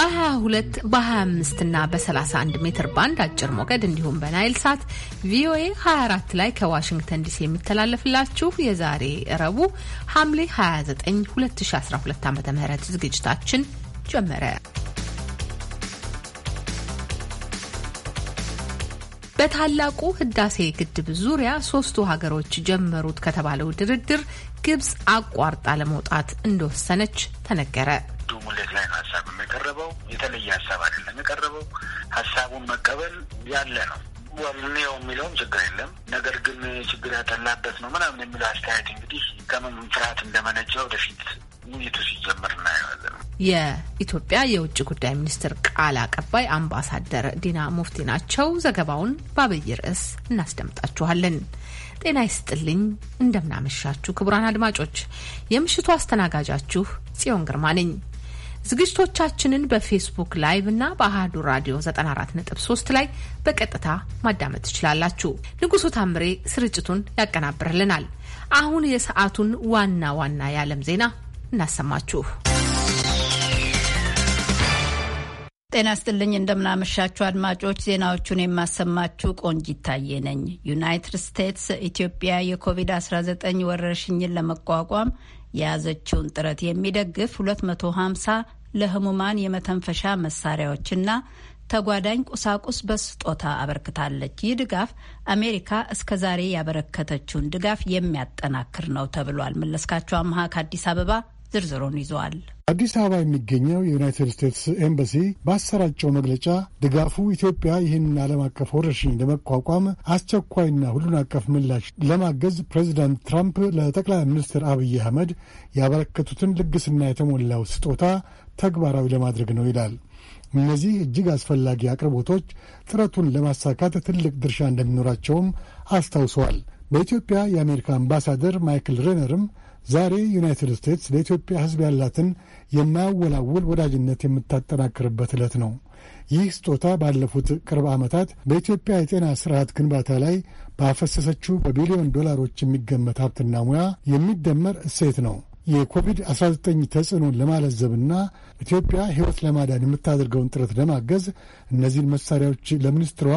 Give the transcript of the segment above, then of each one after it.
በ22 በ25 እና በ31 ሜትር ባንድ አጭር ሞገድ እንዲሁም በናይል ሳት ቪኦኤ 24 ላይ ከዋሽንግተን ዲሲ የሚተላለፍላችሁ የዛሬ ረቡ ሐምሌ 29 2012 ዓ ም ዝግጅታችን ጀመረ። በታላቁ ህዳሴ ግድብ ዙሪያ ሶስቱ ሀገሮች ጀመሩት ከተባለው ድርድር ግብጽ አቋርጣ ለመውጣት እንደወሰነች ተነገረ። አንዱ ሙሌት ላይ ነው ሀሳብ የቀረበው። የተለየ ሀሳብ አይደለም የቀረበው። ሀሳቡን መቀበል ያለ ነው። ዋልኔው የሚለውም ችግር የለም። ነገር ግን ችግር ያጠላበት ነው ምናምን የሚለው አስተያየት እንግዲህ ከምን ፍርሃት እንደመነጨ ወደፊት ውይይቱ ሲጀምር እናየዋለን። የኢትዮጵያ የውጭ ጉዳይ ሚኒስትር ቃል አቀባይ አምባሳደር ዲና ሙፍቲ ናቸው። ዘገባውን በአብይ ርዕስ እናስደምጣችኋለን። ጤና ይስጥልኝ። እንደምናመሻችሁ ክቡራን አድማጮች፣ የምሽቱ አስተናጋጃችሁ ጽዮን ግርማ ነኝ። ዝግጅቶቻችንን በፌስቡክ ላይቭ እና በአህዱ ራዲዮ 94.3 ላይ በቀጥታ ማዳመጥ ትችላላችሁ። ንጉሱ ታምሬ ስርጭቱን ያቀናብርልናል። አሁን የሰዓቱን ዋና ዋና የዓለም ዜና እናሰማችሁ። ጤና ስጥልኝ፣ እንደምናመሻችሁ አድማጮች። ዜናዎቹን የማሰማችሁ ቆንጂ ይታየ ነኝ። ዩናይትድ ስቴትስ ኢትዮጵያ የኮቪድ-19 ወረርሽኝን ለመቋቋም የያዘችውን ጥረት የሚደግፍ 250 ለህሙማን የመተንፈሻ መሳሪያዎችና ተጓዳኝ ቁሳቁስ በስጦታ አበርክታለች። ይህ ድጋፍ አሜሪካ እስከ ዛሬ ያበረከተችውን ድጋፍ የሚያጠናክር ነው ተብሏል። መለስካቸው አምሃ ከአዲስ አበባ ዝርዝሩን ይዟል። አዲስ አበባ የሚገኘው የዩናይትድ ስቴትስ ኤምባሲ ባሰራጨው መግለጫ ድጋፉ ኢትዮጵያ ይህን ዓለም አቀፍ ወረርሽኝ ለመቋቋም አስቸኳይና ሁሉን አቀፍ ምላሽ ለማገዝ ፕሬዚዳንት ትራምፕ ለጠቅላይ ሚኒስትር አብይ አህመድ ያበረከቱትን ልግስና የተሞላው ስጦታ ተግባራዊ ለማድረግ ነው ይላል። እነዚህ እጅግ አስፈላጊ አቅርቦቶች ጥረቱን ለማሳካት ትልቅ ድርሻ እንደሚኖራቸውም አስታውሰዋል። በኢትዮጵያ የአሜሪካ አምባሳደር ማይክል ሬነርም ዛሬ ዩናይትድ ስቴትስ ለኢትዮጵያ ሕዝብ ያላትን የማያወላውል ወዳጅነት የምታጠናክርበት ዕለት ነው። ይህ ስጦታ ባለፉት ቅርብ ዓመታት በኢትዮጵያ የጤና ስርዓት ግንባታ ላይ ባፈሰሰችው በቢሊዮን ዶላሮች የሚገመት ሀብትና ሙያ የሚደመር እሴት ነው። የኮቪድ-19 ተጽዕኖን ለማለዘብና ኢትዮጵያ ሕይወት ለማዳን የምታደርገውን ጥረት ለማገዝ እነዚህን መሳሪያዎች ለሚኒስትሯ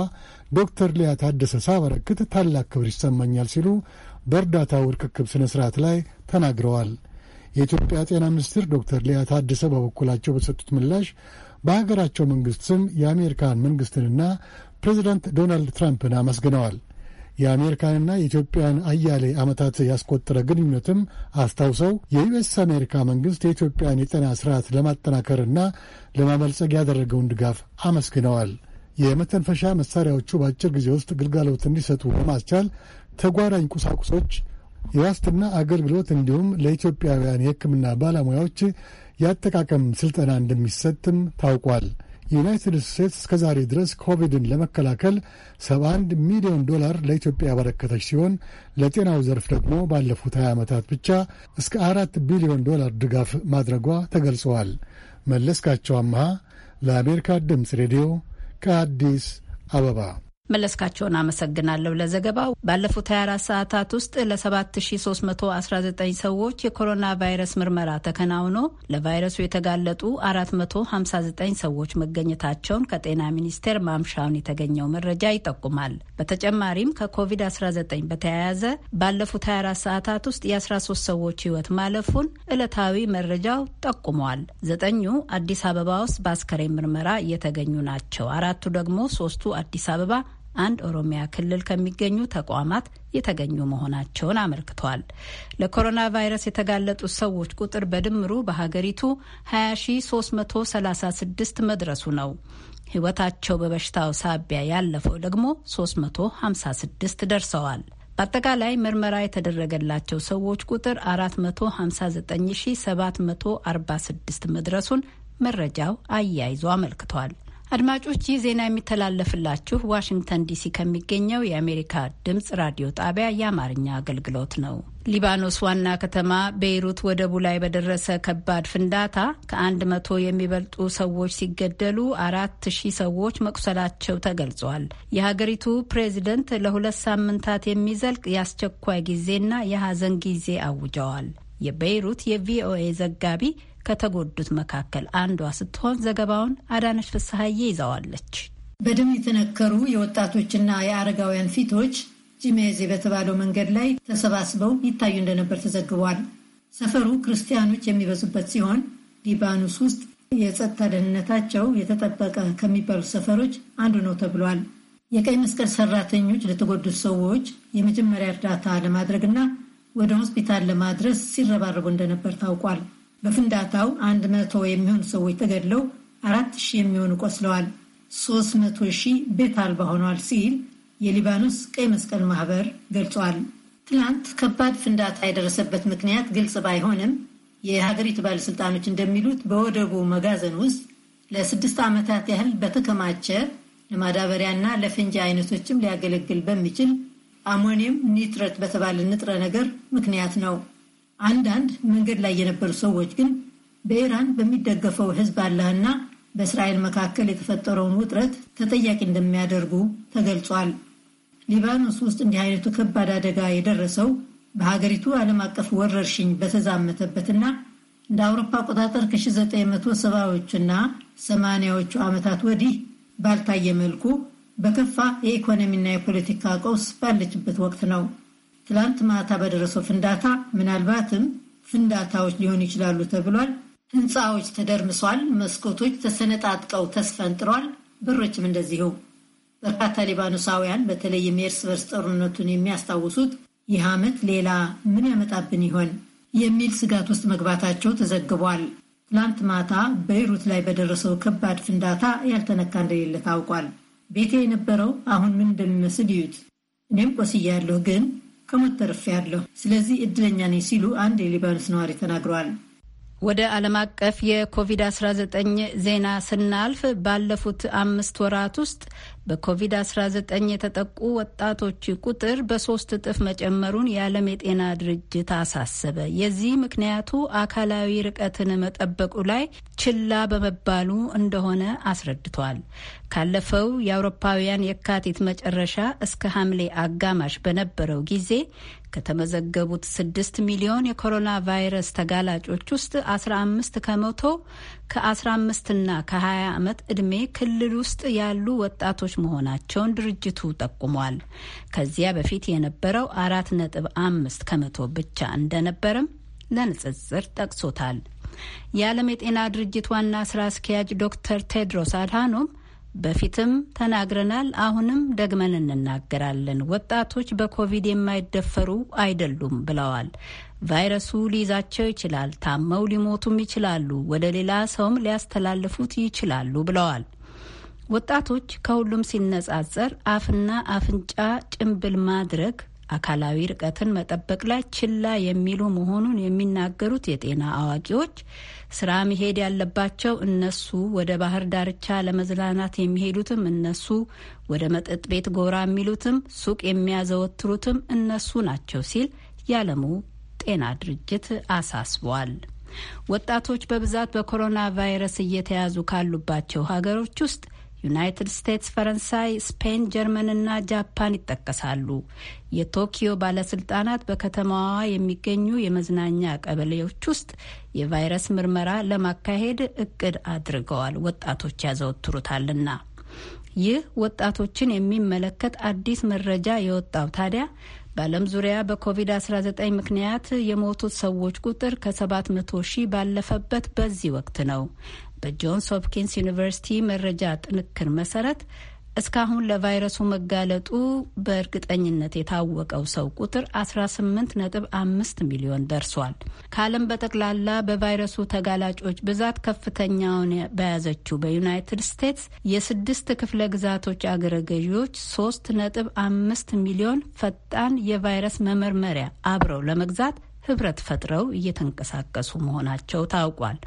ዶክተር ሊያ ታደሰ ሳበረክት ታላቅ ክብር ይሰማኛል ሲሉ በእርዳታው ርክክብ ሥነ ሥርዓት ላይ ተናግረዋል። የኢትዮጵያ ጤና ሚኒስትር ዶክተር ሊያ ታደሰ በበኩላቸው በሰጡት ምላሽ በሀገራቸው መንግስት ስም የአሜሪካን መንግስትንና ፕሬዚዳንት ዶናልድ ትራምፕን አመስግነዋል። የአሜሪካንና የኢትዮጵያን አያሌ ዓመታት ያስቆጠረ ግንኙነትም አስታውሰው የዩኤስ አሜሪካ መንግስት የኢትዮጵያን የጤና ስርዓት ለማጠናከርና ለማበልጸግ ያደረገውን ድጋፍ አመስግነዋል። የመተንፈሻ መሳሪያዎቹ በአጭር ጊዜ ውስጥ ግልጋሎት እንዲሰጡ በማስቻል ተጓዳኝ ቁሳቁሶች የዋስትና አገልግሎት እንዲሁም ለኢትዮጵያውያን የሕክምና ባለሙያዎች የአጠቃቀም ስልጠና እንደሚሰጥም ታውቋል። ዩናይትድ ስቴትስ እስከዛሬ ድረስ ኮቪድን ለመከላከል 71 ሚሊዮን ዶላር ለኢትዮጵያ ያበረከተች ሲሆን ለጤናው ዘርፍ ደግሞ ባለፉት 20 ዓመታት ብቻ እስከ አራት ቢሊዮን ዶላር ድጋፍ ማድረጓ ተገልጸዋል። መለስካቸው አመሃ ለአሜሪካ ድምፅ ሬዲዮ ከአዲስ አበባ መለስካቸውን አመሰግናለሁ ለዘገባው። ባለፉት 24 ሰዓታት ውስጥ ለ7319 ሰዎች የኮሮና ቫይረስ ምርመራ ተከናውኖ ለቫይረሱ የተጋለጡ 459 ሰዎች መገኘታቸውን ከጤና ሚኒስቴር ማምሻውን የተገኘው መረጃ ይጠቁማል። በተጨማሪም ከኮቪድ-19 በተያያዘ ባለፉት 24 ሰዓታት ውስጥ የ13 ሰዎች ሕይወት ማለፉን ዕለታዊ መረጃው ጠቁሟል። ዘጠኙ አዲስ አበባ ውስጥ በአስከሬን ምርመራ እየተገኙ ናቸው። አራቱ ደግሞ ሶስቱ አዲስ አበባ አንድ ኦሮሚያ ክልል ከሚገኙ ተቋማት የተገኙ መሆናቸውን አመልክቷል። ለኮሮና ቫይረስ የተጋለጡት ሰዎች ቁጥር በድምሩ በሀገሪቱ 20336 መድረሱ ነው። ሕይወታቸው በበሽታው ሳቢያ ያለፈው ደግሞ 356 ደርሰዋል። በአጠቃላይ ምርመራ የተደረገላቸው ሰዎች ቁጥር 459746 መድረሱን መረጃው አያይዞ አመልክቷል። አድማጮች ይህ ዜና የሚተላለፍላችሁ ዋሽንግተን ዲሲ ከሚገኘው የአሜሪካ ድምጽ ራዲዮ ጣቢያ የአማርኛ አገልግሎት ነው። ሊባኖስ ዋና ከተማ ቤይሩት ወደቡ ላይ በደረሰ ከባድ ፍንዳታ ከአንድ መቶ የሚበልጡ ሰዎች ሲገደሉ አራት ሺህ ሰዎች መቁሰላቸው ተገልጿል። የሀገሪቱ ፕሬዚደንት ለሁለት ሳምንታት የሚዘልቅ የአስቸኳይ ጊዜና የሀዘን ጊዜ አውጀዋል። የቤይሩት የቪኦኤ ዘጋቢ ከተጎዱት መካከል አንዷ ስትሆን ዘገባውን አዳነች ፍስሀዬ ይዛዋለች። በደም የተነከሩ የወጣቶችና የአረጋውያን ፊቶች ጂሜዜ በተባለው መንገድ ላይ ተሰባስበው ይታዩ እንደነበር ተዘግቧል። ሰፈሩ ክርስቲያኖች የሚበዙበት ሲሆን ሊባኖስ ውስጥ የጸጥታ ደህንነታቸው የተጠበቀ ከሚባሉት ሰፈሮች አንዱ ነው ተብሏል። የቀይ መስቀል ሰራተኞች ለተጎዱት ሰዎች የመጀመሪያ እርዳታ ለማድረግና ወደ ሆስፒታል ለማድረስ ሲረባረቡ እንደነበር ታውቋል። በፍንዳታው አንድ መቶ የሚሆኑ ሰዎች ተገድለው አራት ሺህ የሚሆኑ ቆስለዋል፣ ሶስት መቶ ሺህ ቤት አልባ ሆኗል ሲል የሊባኖስ ቀይ መስቀል ማህበር ገልጿል። ትላንት ከባድ ፍንዳታ የደረሰበት ምክንያት ግልጽ ባይሆንም የሀገሪቱ ባለስልጣኖች እንደሚሉት በወደቡ መጋዘን ውስጥ ለስድስት ዓመታት ያህል በተከማቸ ለማዳበሪያና ለፈንጂ አይነቶችም ሊያገለግል በሚችል አሞኒየም ኒትረት በተባለ ንጥረ ነገር ምክንያት ነው። አንዳንድ መንገድ ላይ የነበሩ ሰዎች ግን በኢራን በሚደገፈው ህዝብ አላህና በእስራኤል መካከል የተፈጠረውን ውጥረት ተጠያቂ እንደሚያደርጉ ተገልጿል። ሊባኖስ ውስጥ እንዲህ አይነቱ ከባድ አደጋ የደረሰው በሀገሪቱ ዓለም አቀፍ ወረርሽኝ በተዛመተበትና እንደ አውሮፓ አቆጣጠር ከ1970ዎቹና 80ዎቹ ዓመታት ወዲህ ባልታየ መልኩ በከፋ የኢኮኖሚና የፖለቲካ ቀውስ ባለችበት ወቅት ነው። ትላንት ማታ በደረሰው ፍንዳታ ምናልባትም ፍንዳታዎች ሊሆኑ ይችላሉ ተብሏል። ህንፃዎች ተደርምሷል፣ መስኮቶች ተሰነጣጥቀው ተስፈንጥሯል፣ በሮችም እንደዚሁ። በርካታ ሊባኖሳውያን በተለይም የእርስ በርስ ጦርነቱን የሚያስታውሱት ይህ ዓመት ሌላ ምን ያመጣብን ይሆን የሚል ስጋት ውስጥ መግባታቸው ተዘግቧል። ትላንት ማታ በይሩት ላይ በደረሰው ከባድ ፍንዳታ ያልተነካ እንደሌለ ታውቋል። ቤቴ የነበረው አሁን ምን እንደሚመስል ይዩት። እኔም ቆስያለሁ ግን ከሞት ተርፌያለሁ። ስለዚህ እድለኛ ነኝ ሲሉ አንድ የሊባኖስ ነዋሪ ተናግረዋል። ወደ ዓለም አቀፍ የኮቪድ-19 ዜና ስናልፍ ባለፉት አምስት ወራት ውስጥ በኮቪድ-19 የተጠቁ ወጣቶች ቁጥር በሶስት እጥፍ መጨመሩን የዓለም የጤና ድርጅት አሳሰበ። የዚህ ምክንያቱ አካላዊ ርቀትን መጠበቁ ላይ ችላ በመባሉ እንደሆነ አስረድቷል። ካለፈው የአውሮፓውያን የካቲት መጨረሻ እስከ ሐምሌ አጋማሽ በነበረው ጊዜ ከተመዘገቡት ስድስት ሚሊዮን የኮሮና ቫይረስ ተጋላጮች ውስጥ አስራ አምስት ከመቶ ከ 15 እና ከ20 ዓመት ዕድሜ ክልል ውስጥ ያሉ ወጣቶች መሆናቸውን ድርጅቱ ጠቁሟል። ከዚያ በፊት የነበረው አራት ነጥብ አምስት ከመቶ ብቻ እንደነበረም ለንጽጽር ጠቅሶታል። የዓለም የጤና ድርጅት ዋና ስራ አስኪያጅ ዶክተር ቴድሮስ አድሃኖም በፊትም ተናግረናል፣ አሁንም ደግመን እንናገራለን፣ ወጣቶች በኮቪድ የማይደፈሩ አይደሉም ብለዋል። ቫይረሱ ሊይዛቸው ይችላል፣ ታመው ሊሞቱም ይችላሉ፣ ወደ ሌላ ሰውም ሊያስተላልፉት ይችላሉ ብለዋል። ወጣቶች ከሁሉም ሲነጻጸር አፍና አፍንጫ ጭንብል ማድረግ፣ አካላዊ ርቀትን መጠበቅ ላይ ችላ የሚሉ መሆኑን የሚናገሩት የጤና አዋቂዎች ስራ መሄድ ያለባቸው እነሱ፣ ወደ ባህር ዳርቻ ለመዝናናት የሚሄዱትም እነሱ፣ ወደ መጠጥ ቤት ጎራ የሚሉትም፣ ሱቅ የሚያዘወትሩትም እነሱ ናቸው ሲል ያለሙ ጤና ድርጅት አሳስቧል። ወጣቶች በብዛት በኮሮና ቫይረስ እየተያዙ ካሉባቸው ሀገሮች ውስጥ ዩናይትድ ስቴትስ፣ ፈረንሳይ፣ ስፔን፣ ጀርመንና ጃፓን ይጠቀሳሉ። የቶኪዮ ባለስልጣናት በከተማዋ የሚገኙ የመዝናኛ ቀበሌዎች ውስጥ የቫይረስ ምርመራ ለማካሄድ እቅድ አድርገዋል። ወጣቶች ያዘወትሩታልና። ይህ ወጣቶችን የሚመለከት አዲስ መረጃ የወጣው ታዲያ በዓለም ዙሪያ በኮቪድ-19 ምክንያት የሞቱት ሰዎች ቁጥር ከ700 ሺህ ባለፈበት በዚህ ወቅት ነው። በጆንስ ሆፕኪንስ ዩኒቨርሲቲ መረጃ ጥንክር መሰረት እስካሁን ለቫይረሱ መጋለጡ በእርግጠኝነት የታወቀው ሰው ቁጥር 18 ነጥብ 5 ሚሊዮን ደርሷል። ከዓለም በጠቅላላ በቫይረሱ ተጋላጮች ብዛት ከፍተኛውን በያዘችው በዩናይትድ ስቴትስ የስድስት ክፍለ ግዛቶች አገረ ገዢዎች 3.5 ነጥብ ሚሊዮን ፈጣን የቫይረስ መመርመሪያ አብረው ለመግዛት ህብረት ፈጥረው እየተንቀሳቀሱ መሆናቸው ታውቋል።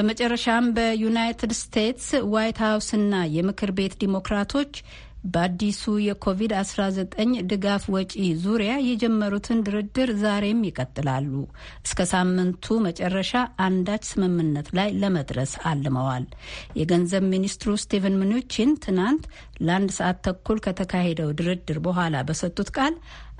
በመጨረሻም በዩናይትድ ስቴትስ ዋይት ሀውስና የምክር ቤት ዲሞክራቶች በአዲሱ የኮቪድ-19 ድጋፍ ወጪ ዙሪያ የጀመሩትን ድርድር ዛሬም ይቀጥላሉ። እስከ ሳምንቱ መጨረሻ አንዳች ስምምነት ላይ ለመድረስ አልመዋል። የገንዘብ ሚኒስትሩ ስቲቨን ምኑቺን ትናንት ለአንድ ሰዓት ተኩል ከተካሄደው ድርድር በኋላ በሰጡት ቃል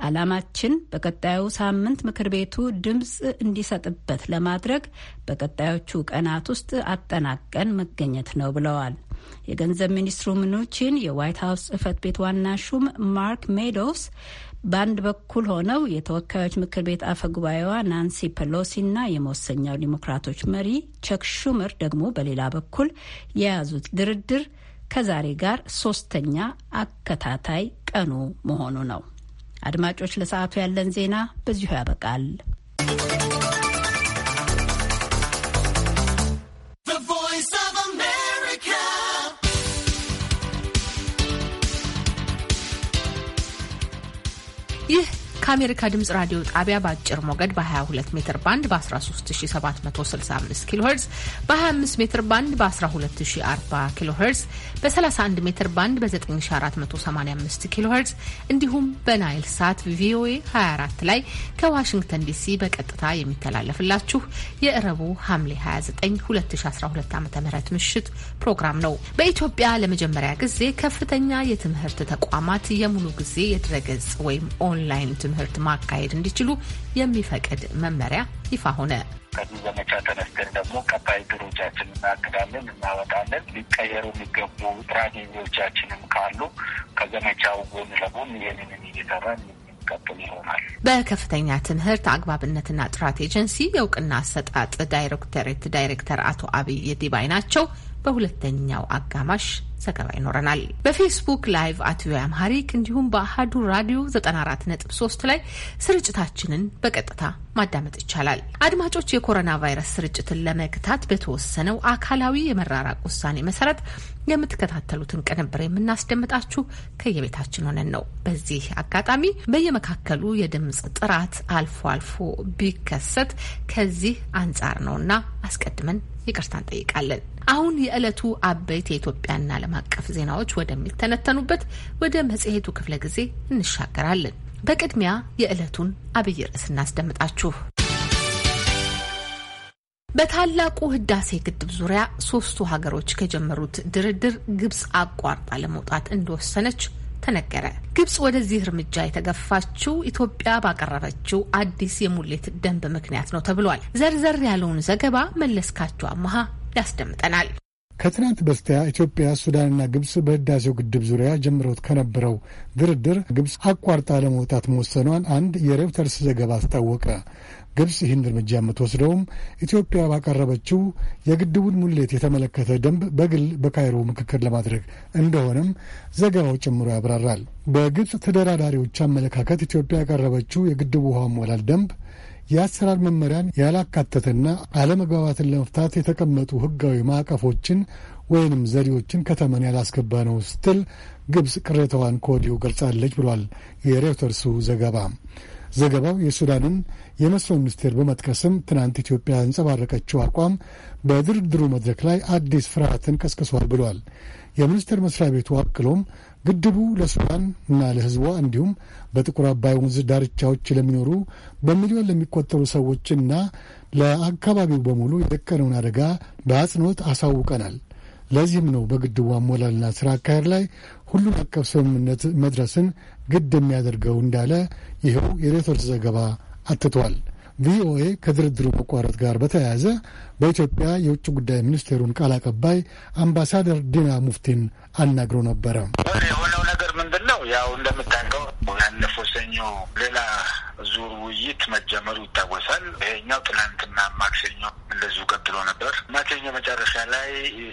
ዓላማችን በቀጣዩ ሳምንት ምክር ቤቱ ድምፅ እንዲሰጥበት ለማድረግ በቀጣዮቹ ቀናት ውስጥ አጠናቀን መገኘት ነው ብለዋል። የገንዘብ ሚኒስትሩ ምኑቺን የዋይት ሀውስ ጽህፈት ቤት ዋና ሹም ማርክ ሜዶውስ በአንድ በኩል ሆነው የተወካዮች ምክር ቤት አፈ ጉባኤዋ ናንሲ ፐሎሲና የመወሰኛው ዲሞክራቶች መሪ ቸክ ሹመር ደግሞ በሌላ በኩል የያዙት ድርድር ከዛሬ ጋር ሶስተኛ አከታታይ ቀኑ መሆኑ ነው። አድማጮች፣ ለሰዓቱ ያለን ዜና በዚሁ ያበቃል። ይህ ከአሜሪካ ድምጽ ራዲዮ ጣቢያ በአጭር ሞገድ በ22 ሜትር ባንድ በ13765 ኪሎ ሄርዝ በ25 ሜትር ባንድ በ1240 ኪሎ ሄርዝ በ31 ሜትር ባንድ በ9485 ኪሎ ሄርዝ እንዲሁም በናይል ሳት ቪኦኤ 24 ላይ ከዋሽንግተን ዲሲ በቀጥታ የሚተላለፍላችሁ የእረቡ ሐምሌ 29 2012 ዓ ም ምሽት ፕሮግራም ነው። በኢትዮጵያ ለመጀመሪያ ጊዜ ከፍተኛ የትምህርት ተቋማት የሙሉ ጊዜ የድረገጽ ወይም ኦንላይን ትምህርት ማካሄድ እንዲችሉ የሚፈቅድ መመሪያ ይፋ ሆነ። ከዚህ ዘመቻ ተነስተን ደግሞ ቀጣይ ድሮቻችን እናቅዳለን፣ እናወጣለን። ሊቀየሩ የሚገቡ ስትራቴጂዎቻችንም ካሉ ከዘመቻው ጎን ለጎን ይህንን እየሰራን በከፍተኛ ትምህርት አግባብነትና ጥራት ኤጀንሲ የእውቅና አሰጣጥ ዳይሬክቶሬት ዳይሬክተር አቶ አብይ ዲባይ ናቸው። በሁለተኛው አጋማሽ ዘገባ ይኖረናል። በፌስቡክ ላይቭ አት ቪኦኤ አምሃሪክ እንዲሁም በአህዱ ራዲዮ 94.3 ላይ ስርጭታችንን በቀጥታ ማዳመጥ ይቻላል። አድማጮች፣ የኮሮና ቫይረስ ስርጭትን ለመግታት በተወሰነው አካላዊ የመራራቅ ውሳኔ መሰረት የምትከታተሉትን ቅንብር የምናስደምጣችሁ ከየቤታችን ሆነን ነው። በዚህ አጋጣሚ በየመካከሉ የድምፅ ጥራት አልፎ አልፎ ቢከሰት ከዚህ አንጻር ነውና አስቀድመን ይቅርታ እንጠይቃለን። አሁን የዕለቱ አበይት የኢትዮጵያና ዓለም አቀፍ ዜናዎች ወደሚተነተኑበት ወደ መጽሔቱ ክፍለ ጊዜ እንሻገራለን። በቅድሚያ የዕለቱን አብይ ርዕስ እናስደምጣችሁ። በታላቁ ህዳሴ ግድብ ዙሪያ ሶስቱ ሀገሮች ከጀመሩት ድርድር ግብጽ አቋርጣ ለመውጣት እንደወሰነች ተነገረ። ግብጽ ወደዚህ እርምጃ የተገፋችው ኢትዮጵያ ባቀረበችው አዲስ የሙሌት ደንብ ምክንያት ነው ተብሏል። ዘርዘር ያለውን ዘገባ መለስካቸው አመሃ ያስደምጠናል። ከትናንት በስቲያ ኢትዮጵያ፣ ሱዳንና ግብጽ በህዳሴው ግድብ ዙሪያ ጀምረውት ከነበረው ድርድር ግብጽ አቋርጣ ለመውጣት መወሰኗን አንድ የሬውተርስ ዘገባ አስታወቀ። ግብጽ ይህን እርምጃ የምትወስደውም ኢትዮጵያ ባቀረበችው የግድቡን ሙሌት የተመለከተ ደንብ በግል በካይሮ ምክክር ለማድረግ እንደሆነም ዘገባው ጨምሮ ያብራራል። በግብጽ ተደራዳሪዎች አመለካከት ኢትዮጵያ ያቀረበችው የግድቡ ውሃ ሞላል ደንብ የአሰራር መመሪያን ያላካተተና አለመግባባትን ለመፍታት የተቀመጡ ሕጋዊ ማዕቀፎችን ወይንም ዘዴዎችን ከተመን ያላስገባ ነው ስትል ግብጽ ቅሬታዋን ከወዲሁ ገልጻለች ብሏል የሬውተርሱ ዘገባ። ዘገባው የሱዳንን የመስኖ ሚኒስቴር በመጥቀስም ትናንት ኢትዮጵያ ያንጸባረቀችው አቋም በድርድሩ መድረክ ላይ አዲስ ፍርሃትን ቀስቅሷል ብሏል። የሚኒስቴር መስሪያ ቤቱ አክሎም ግድቡ ለሱዳን እና ለሕዝቧ እንዲሁም በጥቁር አባይ ወንዝ ዳርቻዎች ለሚኖሩ በሚሊዮን ለሚቆጠሩ ሰዎችና ለአካባቢው በሙሉ የደቀነውን አደጋ በአጽንኦት አሳውቀናል። ለዚህም ነው በግድቡ አሞላልና ስራ አካሄድ ላይ ሁሉን አቀፍ ስምምነት መድረስን ግድ የሚያደርገው እንዳለ ይኸው የሬቶርስ ዘገባ አትቷል። ቪኦኤ ከድርድሩ መቋረጥ ጋር በተያያዘ በኢትዮጵያ የውጭ ጉዳይ ሚኒስቴሩን ቃል አቀባይ አምባሳደር ዲና ሙፍቲን አናግሮ ነበረ። የሆነው ነገር ምንድን ነው? ያው እንደምታውቀው ያለፈው ሰኞ ሌላ ዙር ውይይት መጀመሩ ይታወሳል። ይሄኛው ትናንትና ማክሰኞ እንደዚሁ ቀጥሎ ነበር። ማክሰኞ መጨረሻ ላይ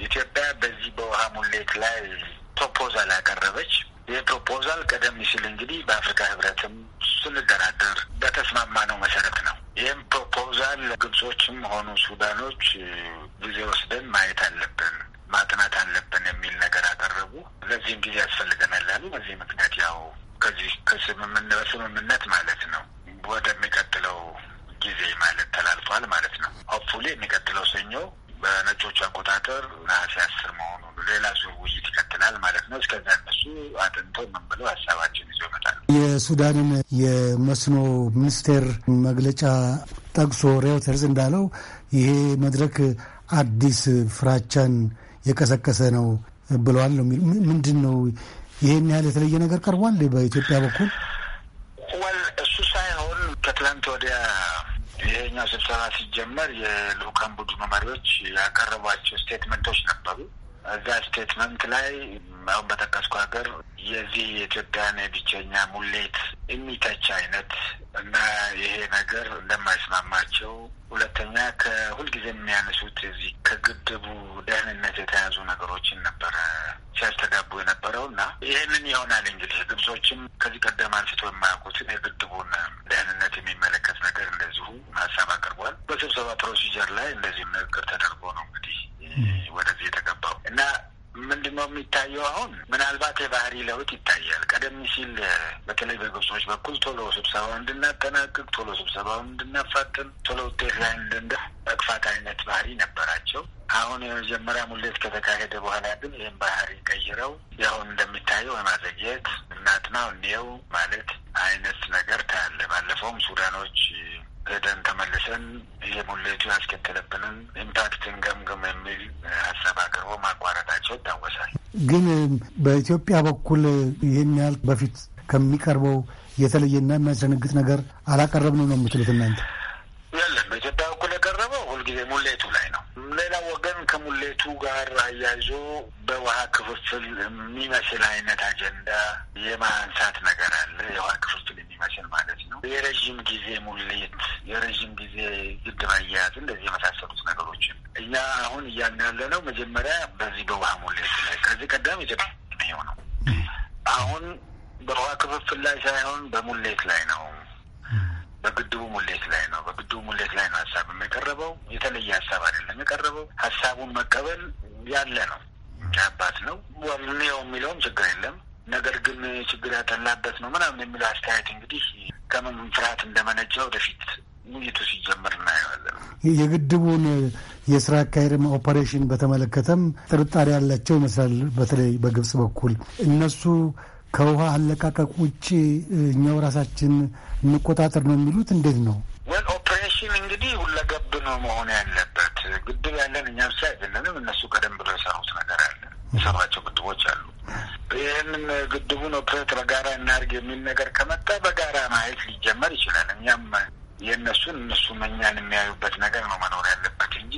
ኢትዮጵያ በዚህ በውሃ ሙሌት ላይ ፕሮፖዛል ያቀረበች። ይህ ፕሮፖዛል ቀደም ሲል እንግዲህ በአፍሪካ ህብረትም ስንደራደር በተስማማነው መሰረት ነው። ይህም ፕሮፖዛል ግብጾችም ሆኑ ሱዳኖች ጊዜ ወስደን ማየት አለብን፣ ማጥናት አለብን የሚል ነገር አቀረቡ። ለዚህም ጊዜ ያስፈልገናል አሉ። በዚህ ምክንያት ያው ከዚህ በስምምነት ማለት ነው ወደሚቀጥለው ጊዜ ማለት ተላልፏል ማለት ነው። ሆፕፉሊ የሚቀጥለው ሰኞ በነጮች አቆጣጠር ነሐሴ አስር መሆኑ ሌላ ዙር ውይይት ይቀጥላል ማለት ነው። እስከዛ እነሱ አጥንቶ ምን ብለው ሀሳባችን ይዞ ይመጣል። የሱዳንን የመስኖ ሚኒስቴር መግለጫ ጠቅሶ ሬውተርስ እንዳለው ይሄ መድረክ አዲስ ፍራቻን የቀሰቀሰ ነው ብለዋል ነው። ምንድን ነው ይሄን ያህል የተለየ ነገር ቀርቧል በኢትዮጵያ በኩል? ሁለተኛው ስብሰባ ሲጀመር የልኡካን ቡድኑ መሪዎች ያቀረቧቸው ስቴትመንቶች ነበሩ። እዛ ስቴትመንት ላይ አሁን በጠቀስኩ ሀገር የዚህ የኢትዮጵያን የብቸኛ ሙሌት የሚተች አይነት እና ይሄ ነገር እንደማይስማማቸው ሁለተኛ ከሁልጊዜ የሚያነሱት እዚህ ከግድቡ ደህንነት የተያዙ ነገሮችን ነበረ ሲያስተጋቡ የነበረው እና ይህንን ይሆናል እንግዲህ ግብጾችም ከዚህ ቀደም አንስቶ የማያውቁትን የግድቡን ደህንነት የሚመለከት ነገር እንደዚሁ ሀሳብ አቅርቧል። በስብሰባ ፕሮሲጀር ላይ እንደዚህ ንግግር ተደርጎ ነው እንግዲህ ወደዚህ የተገባው እና ምንድነው የሚታየው? አሁን ምናልባት የባህሪ ለውጥ ይታያል። ቀደም ሲል በተለይ በግብጾች በኩል ቶሎ ስብሰባውን እንድናጠናቅቅ፣ ቶሎ ስብሰባውን እንድናፋጥን፣ ቶሎ ውጤት ላይ እንድንደ መግፋት አይነት ባህሪ ነበራቸው። አሁን የመጀመሪያ ሙሌት ከተካሄደ በኋላ ግን ይህን ባህሪ ቀይረው ያሁን እንደሚታየው የማዘግየት እናትናው እንየው ማለት አይነት ነገር ታያለ። ባለፈውም ሱዳኖች ሄደን ተመልሰን የሙሌቱ ያስከተለብንን ኢምፓክትን ገምግም የሚል ሀሳብ አቅርቦ ማቋረጣቸው ይታወሳል። ግን በኢትዮጵያ በኩል ይህን ያህል በፊት ከሚቀርበው የተለየና የሚያስደነግጥ ነገር አላቀረብንም ነው የምትሉት እናንተ? የለም፣ በኢትዮጵያ በኩል የቀረበው ሁልጊዜ ሙሌቱ ላይ ነው። ሌላ ወገን ከሙሌቱ ጋር አያይዞ በውሃ ክፍፍል የሚመስል አይነት አጀንዳ የማንሳት ነገር አለ። የውሃ ክፍፍል የሚመስል ማለት ነው። የረዥም ጊዜ ሙሌት፣ የረዥም ጊዜ ግድብ አያያዝ እንደዚህ የመሳሰሉት ነገሮችን እኛ አሁን እያልን ያለ ነው። መጀመሪያ በዚህ በውሃ ሙሌት ላይ ከዚህ ቀደም ኢትዮጵያ ነው። አሁን በውሃ ክፍፍል ላይ ሳይሆን በሙሌት ላይ ነው በግድቡ ሙሌት ላይ ነው። በግድቡ ሙሌት ላይ ነው ሀሳብ የቀረበው። የተለየ ሀሳብ አይደለም የቀረበው። ሀሳቡን መቀበል ያለ ነው። አባት ነው ዋልኔው የሚለውም ችግር የለም። ነገር ግን ችግር ያጠላበት ነው ምናምን የሚለው አስተያየት እንግዲህ ከምን ፍርሃት እንደመነጨ ወደፊት ውይይቱ ሲጀምር እናየዋለን። የግድቡን የስራ አካሄድም ኦፐሬሽን በተመለከተም ጥርጣሬ ያላቸው ይመስላል። በተለይ በግብጽ በኩል እነሱ ከውሃ አለቃቀቅ ውጭ እኛው ራሳችን እንቆጣጠር ነው የሚሉት እንዴት ነው? ወል ኦፕሬሽን እንግዲህ ሁለገብ ነው መሆን ያለበት። ግድብ ያለን እኛ ብቻ አይደለንም። እነሱ ቀደም ብሎ የሰሩት ነገር አለ፣ የሰሯቸው ግድቦች አሉ። ይህንን ግድቡን ኦፕሬት በጋራ እናርግ የሚል ነገር ከመጣ በጋራ ማየት ሊጀመር ይችላል። እኛም የእነሱን እነሱም እኛን የሚያዩበት ነገር ነው መኖር ያለበት እንጂ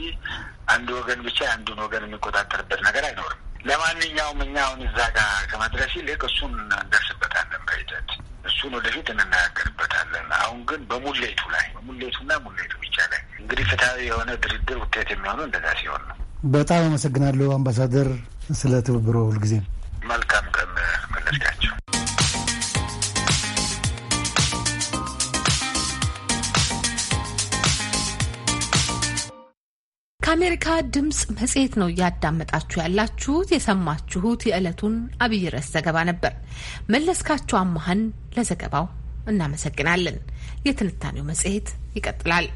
አንድ ወገን ብቻ አንዱን ወገን የሚቆጣጠርበት ነገር አይኖርም። ለማንኛውም እኛ አሁን እዛ ጋር ከመድረስ ይልቅ እሱን እንደርስበታለን በሂደት እሱን ወደፊት እንናገርበታለን አሁን ግን በሙሌቱ ላይ በሙሌቱና ሙሌቱ ብቻ ላይ እንግዲህ ፍትሐዊ የሆነ ድርድር ውጤት የሚሆነው እንደዛ ሲሆን ነው። በጣም አመሰግናለሁ አምባሳደር ስለ ትብብሮ ሁልጊዜም መልካም ቀን መለስካቸው። ከአሜሪካ ድምፅ መጽሔት ነው እያዳመጣችሁ ያላችሁት። የሰማችሁት የዕለቱን አብይ ርዕስ ዘገባ ነበር። መለስካቸው አማሃን ለዘገባው እናመሰግናለን። የትንታኔው መጽሔት ይቀጥላል።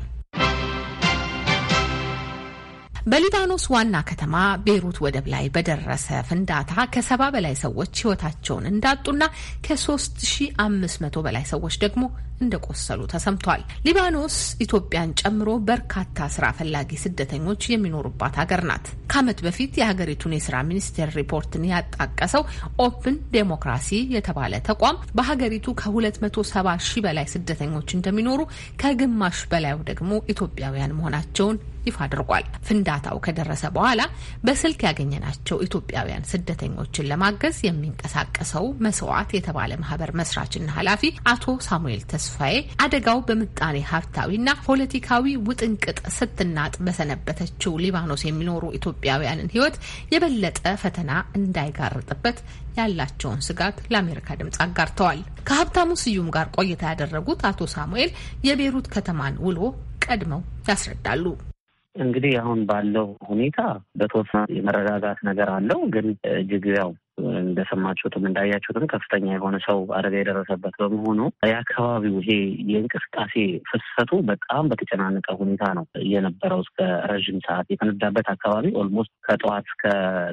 በሊባኖስ ዋና ከተማ ቤይሩት ወደብ ላይ በደረሰ ፍንዳታ ከሰባ በላይ ሰዎች ህይወታቸውን እንዳጡና ከ3500 በላይ ሰዎች ደግሞ እንደቆሰሉ ተሰምቷል። ሊባኖስ ኢትዮጵያን ጨምሮ በርካታ ስራ ፈላጊ ስደተኞች የሚኖሩባት ሀገር ናት። ከዓመት በፊት የሀገሪቱን የስራ ሚኒስቴር ሪፖርትን ያጣቀሰው ኦፕን ዴሞክራሲ የተባለ ተቋም በሀገሪቱ ከ270 ሺህ በላይ ስደተኞች እንደሚኖሩ ከግማሽ በላዩ ደግሞ ኢትዮጵያውያን መሆናቸውን ይፋ አድርጓል። ፍንዳታው ከደረሰ በኋላ በስልክ ያገኘናቸው ኢትዮጵያውያን ስደተኞችን ለማገዝ የሚንቀሳቀሰው መስዋዕት የተባለ ማህበር መስራችና ኃላፊ አቶ ሳሙኤል ተስፋዬ አደጋው በምጣኔ ሀብታዊና ፖለቲካዊ ውጥንቅጥ ስትናጥ በሰነበተችው ሊባኖስ የሚኖሩ ኢትዮጵያውያንን ሕይወት የበለጠ ፈተና እንዳይጋርጥበት ያላቸውን ስጋት ለአሜሪካ ድምጽ አጋርተዋል። ከሀብታሙ ስዩም ጋር ቆይታ ያደረጉት አቶ ሳሙኤል የቤሩት ከተማን ውሎ ቀድመው ያስረዳሉ። እንግዲህ አሁን ባለው ሁኔታ በተወሰነ የመረጋጋት ነገር አለው። ግን እጅግ ያው እንደሰማችሁትም እንዳያችሁትም ከፍተኛ የሆነ ሰው አደጋ የደረሰበት በመሆኑ የአካባቢው ይሄ የእንቅስቃሴ ፍሰቱ በጣም በተጨናነቀ ሁኔታ ነው የነበረው። እስከ ረዥም ሰዓት የተነዳበት አካባቢ ኦልሞስት ከጠዋት እስከ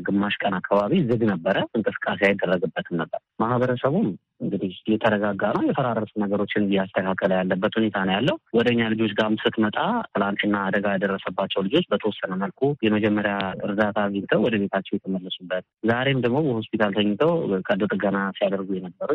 ግማሽ ቀን አካባቢ ዝግ ነበረ። እንቅስቃሴ አይደረግበትም ነበር። ማህበረሰቡም እንግዲህ የተረጋጋ ነው። የፈራረሱ ነገሮችን እያስተካከለ ያለበት ሁኔታ ነው ያለው። ወደ እኛ ልጆች ጋርም ስትመጣ ትላንትና አደጋ የደረሰባቸው ልጆች በተወሰነ መልኩ የመጀመሪያ እርዳታ አግኝተው ወደ ቤታቸው የተመለሱበት ዛሬም ደግሞ ሆስፒታል ተኝተው ቀዶ ጥገና ሲያደርጉ የነበሩ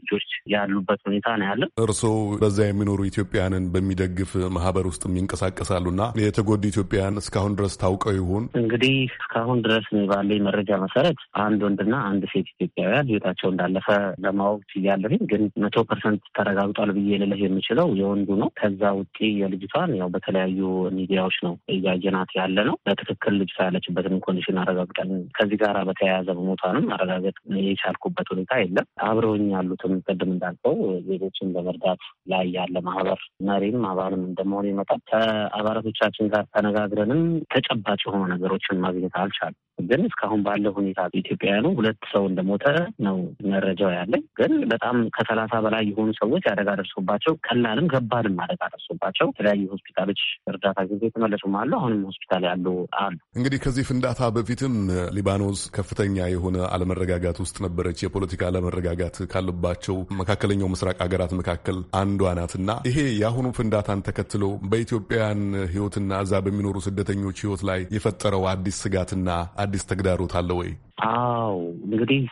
ልጆች ያሉበት ሁኔታ ነው ያለ። እርስዎ በዚያ የሚኖሩ ኢትዮጵያውያንን በሚደግፍ ማህበር ውስጥ የሚንቀሳቀሳሉ እና የተጎዱ ኢትዮጵያውያን እስካሁን ድረስ ታውቀው ይሆን? እንግዲህ እስካሁን ድረስ ባለ መረጃ መሰረት አንድ ወንድና አንድ ሴት ኢትዮጵያውያን ህይወታቸው እንዳለፈ ለማወቅ ችያለሁኝ። ግን መቶ ፐርሰንት ተረጋግጧል ብዬ ልልህ የምችለው የወንዱ ነው። ከዛ ውጪ የልጅቷን ያው በተለያዩ ሚዲያዎች ነው እያየናት ያለ ነው። በትክክል ልጅቷ ያለችበትን ኮንዲሽን አረጋግጠን ከዚህ ጋር በተያያዘ በሞቷንም ማረጋገጥ የቻልኩበት ሁኔታ የለም። አብረውኝ ያሉትን ቅድም እንዳልከው ዜጎችን በመርዳት ላይ ያለ ማህበር መሪም አባልም እንደመሆን ይመጣል ከአባላቶቻችን ጋር ተነጋግረንም ተጨባጭ የሆኑ ነገሮችን ማግኘት አልቻልም። ግን እስካሁን ባለው ሁኔታ ኢትዮጵያውያኑ ሁለት ሰው እንደሞተ ነው መረጃው ያለኝ። ግን በጣም ከሰላሳ በላይ የሆኑ ሰዎች አደጋ ደርሶባቸው ቀላልም ከባድም አደጋ ደርሶባቸው የተለያዩ ሆስፒታሎች እርዳታ ጊዜ የተመለሱም አሉ። አሁንም ሆስፒታል ያሉ አሉ። እንግዲህ ከዚህ ፍንዳታ በፊትም ሊባኖስ ከፍተኛ የሆነ አለመረጋጋት ውስጥ ነበረች። የፖለቲካ አለመረጋጋት ካለባቸው መካከለኛው ምስራቅ ሀገራት መካከል አንዷ ናት እና ይሄ የአሁኑ ፍንዳታን ተከትሎ በኢትዮጵያውያን ህይወትና እዛ በሚኖሩ ስደተኞች ህይወት ላይ የፈጠረው አዲስ ስጋትና አዲስ ተግዳሮት አለ ወይ? አዎ እንግዲህ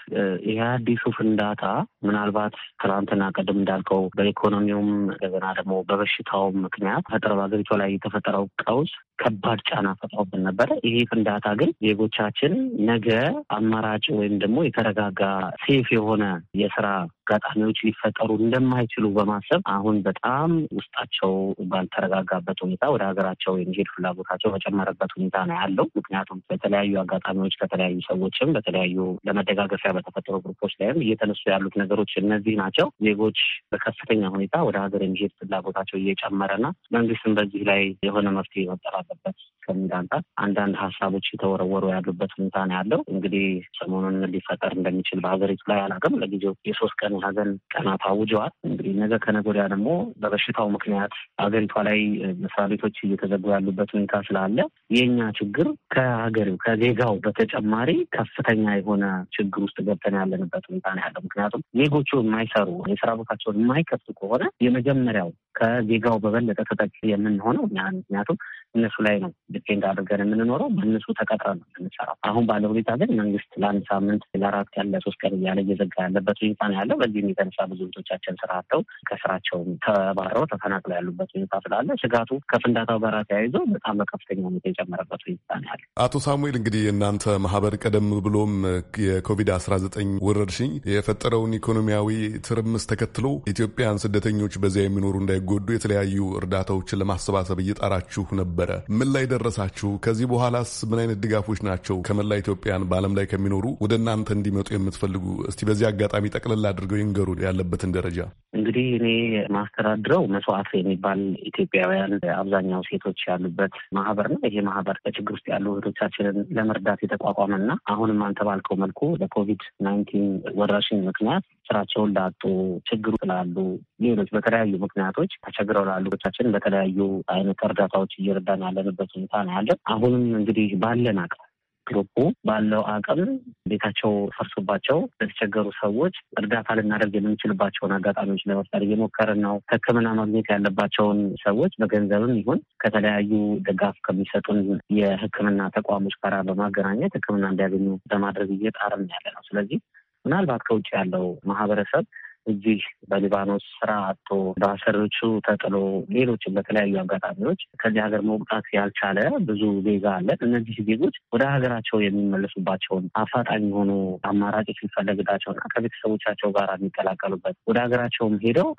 ይሄ አዲሱ ፍንዳታ ምናልባት ትናንትና ቀደም እንዳልከው በኢኮኖሚውም እንደገና ደግሞ በበሽታውም ምክንያት ፈጠረ በሀገሪቷ ላይ የተፈጠረው ቀውስ ከባድ ጫና ፈጥሮብን ነበረ። ይሄ ፍንዳታ ግን ዜጎቻችን ነገ አማራጭ ወይም ደግሞ የተረጋጋ ሴፍ የሆነ የስራ አጋጣሚዎች ሊፈጠሩ እንደማይችሉ በማሰብ አሁን በጣም ውስጣቸው ባልተረጋጋበት ሁኔታ ወደ ሀገራቸው የሚሄድ ፍላጎታቸው በጨመረበት ሁኔታ ነው ያለው። ምክንያቱም በተለያዩ አጋጣሚዎች ከተለያዩ ሰዎችም ላይም በተለያዩ ለመደጋገፊያ በተፈጠሩ ግሩፖች ላይም እየተነሱ ያሉት ነገሮች እነዚህ ናቸው። ዜጎች በከፍተኛ ሁኔታ ወደ ሀገር የሚሄድ ፍላጎታቸው እየጨመረና መንግስትም በዚህ ላይ የሆነ መፍትሄ መጠር አለበት ከሚል አንጻር አንዳንድ ሀሳቦች የተወረወሩ ያሉበት ሁኔታ ነው ያለው። እንግዲህ ሰሞኑን ሊፈጠር እንደሚችል በሀገሪቱ ላይ አላውቅም። ለጊዜው የሶስት ቀን የሀዘን ቀናት አውጀዋል። እንግዲህ ነገ ከነገ ወዲያ ደግሞ በበሽታው ምክንያት ሀገሪቷ ላይ መስሪያ ቤቶች እየተዘጉ ያሉበት ሁኔታ ስላለ የእኛ ችግር ከሀገሪው ከዜጋው በተጨማሪ ከፍ ከፍተኛ የሆነ ችግር ውስጥ ገብተን ያለንበት ሁኔታ ነው ያለው። ምክንያቱም ዜጎቹ የማይሰሩ የስራ ቦታቸውን የማይከፍቱ ከሆነ የመጀመሪያው ከዜጋው በበለጠ ተጠቂ የምንሆነው እኛ ምክንያቱም እነሱ ላይ ነው ዲፔንድ አድርገን የምንኖረው። በእነሱ ተቀጥረን ነው የምንሰራው። አሁን ባለ ሁኔታ ግን መንግስት ለአንድ ሳምንት ለአራት ያለ ሶስት ቀን እያለ እየዘጋ ያለበት ሁኔታ ነው ያለው። በዚህም የተነሳ ብዙ እህቶቻችን ስራ አጥተው ከስራቸውም ተባረው ተፈናቅለው ያሉበት ሁኔታ ስላለ ስጋቱ ከፍንዳታው ጋር ተያይዞ በጣም በከፍተኛ ሁኔታ የጨመረበት ሁኔታ ነው ያለ አቶ ሳሙኤል እንግዲህ እናንተ ማህበር ቀደም ብሎ ብሎም የኮቪድ-19 ወረርሽኝ የፈጠረውን ኢኮኖሚያዊ ትርምስ ተከትሎ ኢትዮጵያን ስደተኞች በዚያ የሚኖሩ እንዳይጎዱ የተለያዩ እርዳታዎችን ለማሰባሰብ እየጣራችሁ ነበረ። ምን ላይ ደረሳችሁ? ከዚህ በኋላስ ምን አይነት ድጋፎች ናቸው ከመላ ኢትዮጵያን በዓለም ላይ ከሚኖሩ ወደ እናንተ እንዲመጡ የምትፈልጉ? እስቲ በዚህ አጋጣሚ ጠቅልል አድርገው ይንገሩ ያለበትን ደረጃ። እንግዲህ እኔ ማስተዳድረው መስዋዕት የሚባል ኢትዮጵያውያን አብዛኛው ሴቶች ያሉበት ማህበር ነው። ይሄ ማህበር ከችግር ውስጥ ያሉ እህቶቻችንን ለመርዳት የተቋቋመ እና አሁንም አሁን ተባልከው መልኩ ለኮቪድ ናይንቲን ወረርሽኝ ምክንያት ስራቸውን ላጡ ችግሩ ስላሉ ሌሎች በተለያዩ ምክንያቶች ተቸግረው ላሉ ቻችን በተለያዩ አይነት እርዳታዎች እየረዳን ያለንበት ሁኔታ ነው ያለን። አሁንም እንግዲህ ባለን አቅም ግሩፑ ባለው አቅም ቤታቸው ፈርሶባቸው ለተቸገሩ ሰዎች እርዳታ ልናደርግ የምንችልባቸውን አጋጣሚዎች ለመፍጠር እየሞከርን ነው። ሕክምና ማግኘት ያለባቸውን ሰዎች በገንዘብም ይሁን ከተለያዩ ድጋፍ ከሚሰጡን የሕክምና ተቋሞች ጋር በማገናኘት ሕክምና እንዲያገኙ ለማድረግ እየጣርን ያለ ነው። ስለዚህ ምናልባት ከውጭ ያለው ማህበረሰብ እዚህ በሊባኖስ ስራ አቶ በአሰሪዎቹ ተጥሎ ሌሎችም በተለያዩ አጋጣሚዎች ከዚህ ሀገር መውጣት ያልቻለ ብዙ ዜጋ አለ። እነዚህ ዜጎች ወደ ሀገራቸው የሚመለሱባቸውን አፋጣኝ የሆኑ አማራጮች ሊፈለግላቸውና ከቤተሰቦቻቸው ጋር የሚቀላቀሉበት ወደ ሀገራቸውም ሄደው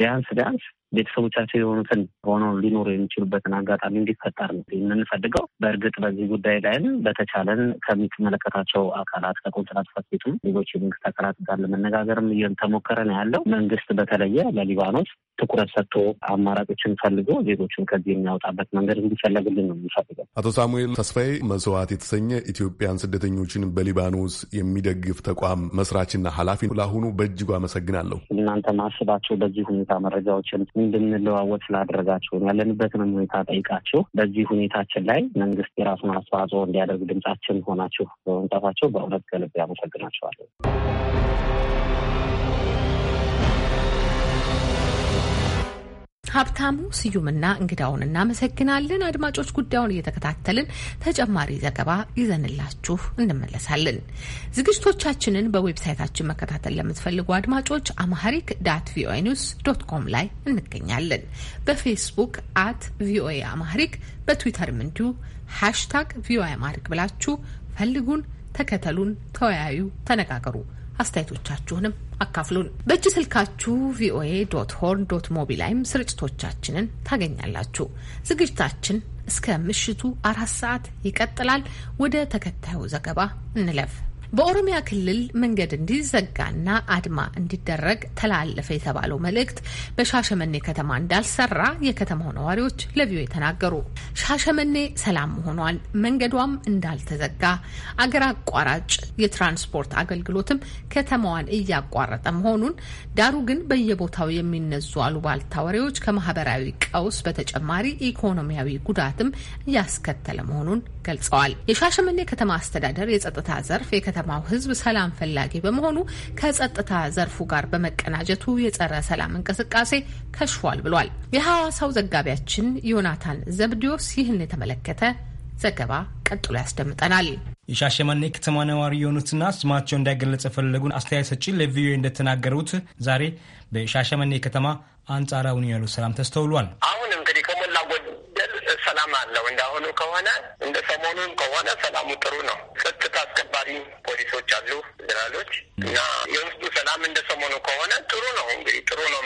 ቢያንስ ቢያንስ ቤተሰቦቻቸው የሆኑትን ሆኖ ሊኖሩ የሚችሉበትን አጋጣሚ እንዲፈጠር ነው የምንፈልገው። በእርግጥ በዚህ ጉዳይ ላይም በተቻለን ከሚመለከታቸው አካላት ከቆንስላ ጽሕፈት ቤቱም ሌሎች የመንግስት አካላት ጋር ለመነጋገርም እየተሞከረ ነው ያለው። መንግስት በተለየ ለሊባኖስ ትኩረት ሰጥቶ አማራጮችን ፈልጎ ዜጎችን ከዚህ የሚያወጣበት መንገድ እንዲፈለግልን ነው የሚፈልገው። አቶ ሳሙኤል ተስፋዬ መስዋዕት የተሰኘ ኢትዮጵያን ስደተኞችን በሊባኖስ የሚደግፍ ተቋም መስራችና ኃላፊ ለአሁኑ በእጅጉ አመሰግናለሁ። እናንተ ማስባቸው በዚህ ሁኔታ መረጃዎችን እንድንለዋወጥ ስላደረጋቸው ያለንበትንም ሁኔታ ጠይቃቸው በዚህ ሁኔታችን ላይ መንግስት የራሱን አስተዋጽኦ እንዲያደርግ ድምጻችን ሆናችሁ በመምጣታቸው በእውነት ከልብ ያመሰግናቸዋለን። ሀብታሙ ስዩምና እንግዳውን እናመሰግናለን። አድማጮች ጉዳዩን እየተከታተልን ተጨማሪ ዘገባ ይዘንላችሁ እንመለሳለን። ዝግጅቶቻችንን በዌብሳይታችን መከታተል ለምትፈልጉ አድማጮች አማሐሪክ ዳት ቪኦኤ ኒውስ ዶት ኮም ላይ እንገኛለን። በፌስቡክ አት ቪኦኤ አማሐሪክ፣ በትዊተርም እንዲሁ ሃሽታግ ቪኦኤ አማሪክ ብላችሁ ፈልጉን፣ ተከተሉን፣ ተወያዩ፣ ተነጋገሩ። አስተያየቶቻችሁንም አካፍሉን። በእጅ ስልካችሁ ቪኦኤ ዶት ሆርን ዶት ሞቢ ላይም ስርጭቶቻችንን ታገኛላችሁ። ዝግጅታችን እስከ ምሽቱ አራት ሰዓት ይቀጥላል። ወደ ተከታዩ ዘገባ እንለፍ። በኦሮሚያ ክልል መንገድ እንዲዘጋና አድማ እንዲደረግ ተላለፈ የተባለው መልእክት በሻሸመኔ ከተማ እንዳልሰራ የከተማው ነዋሪዎች ለቪኦኤ ተናገሩ። ሻሸመኔ ሰላም ሆኗል፣ መንገዷም እንዳልተዘጋ፣ አገር አቋራጭ የትራንስፖርት አገልግሎትም ከተማዋን እያቋረጠ መሆኑን፣ ዳሩ ግን በየቦታው የሚነዙ አሉባልታ ወሬዎች ከማህበራዊ ቀውስ በተጨማሪ ኢኮኖሚያዊ ጉዳትም እያስከተለ መሆኑን ገልጸዋል። የሻሸመኔ ከተማ አስተዳደር የጸጥታ ዘርፍ የከተማው ህዝብ ሰላም ፈላጊ በመሆኑ ከጸጥታ ዘርፉ ጋር በመቀናጀቱ የጸረ ሰላም እንቅስቃሴ ከሽፏል ብሏል። የሐዋሳው ዘጋቢያችን ዮናታን ዘብዲዮስ ይህን የተመለከተ ዘገባ ቀጥሎ ያስደምጠናል። የሻሸመኔ ከተማ ነዋሪ የሆኑትና ስማቸው እንዳይገለጽ የፈለጉን አስተያየት ሰጪ ለቪኦኤ እንደተናገሩት ዛሬ በሻሸመኔ ከተማ አንጻራውን ያሉ ሰላም ተስተውሏል። አሁን እንግዲህ ሰላም አለው። እንዳሁኑ ከሆነ እንደ ሰሞኑን ከሆነ ሰላሙ ጥሩ ነው። ጸጥታ አስከባሪ ፖሊሶች አሉ፣ ፌዴራሎች እና የውስጡ ሰላም እንደ ሰሞኑ ከሆነ ጥሩ ነው። እንግዲህ ጥሩ ነው።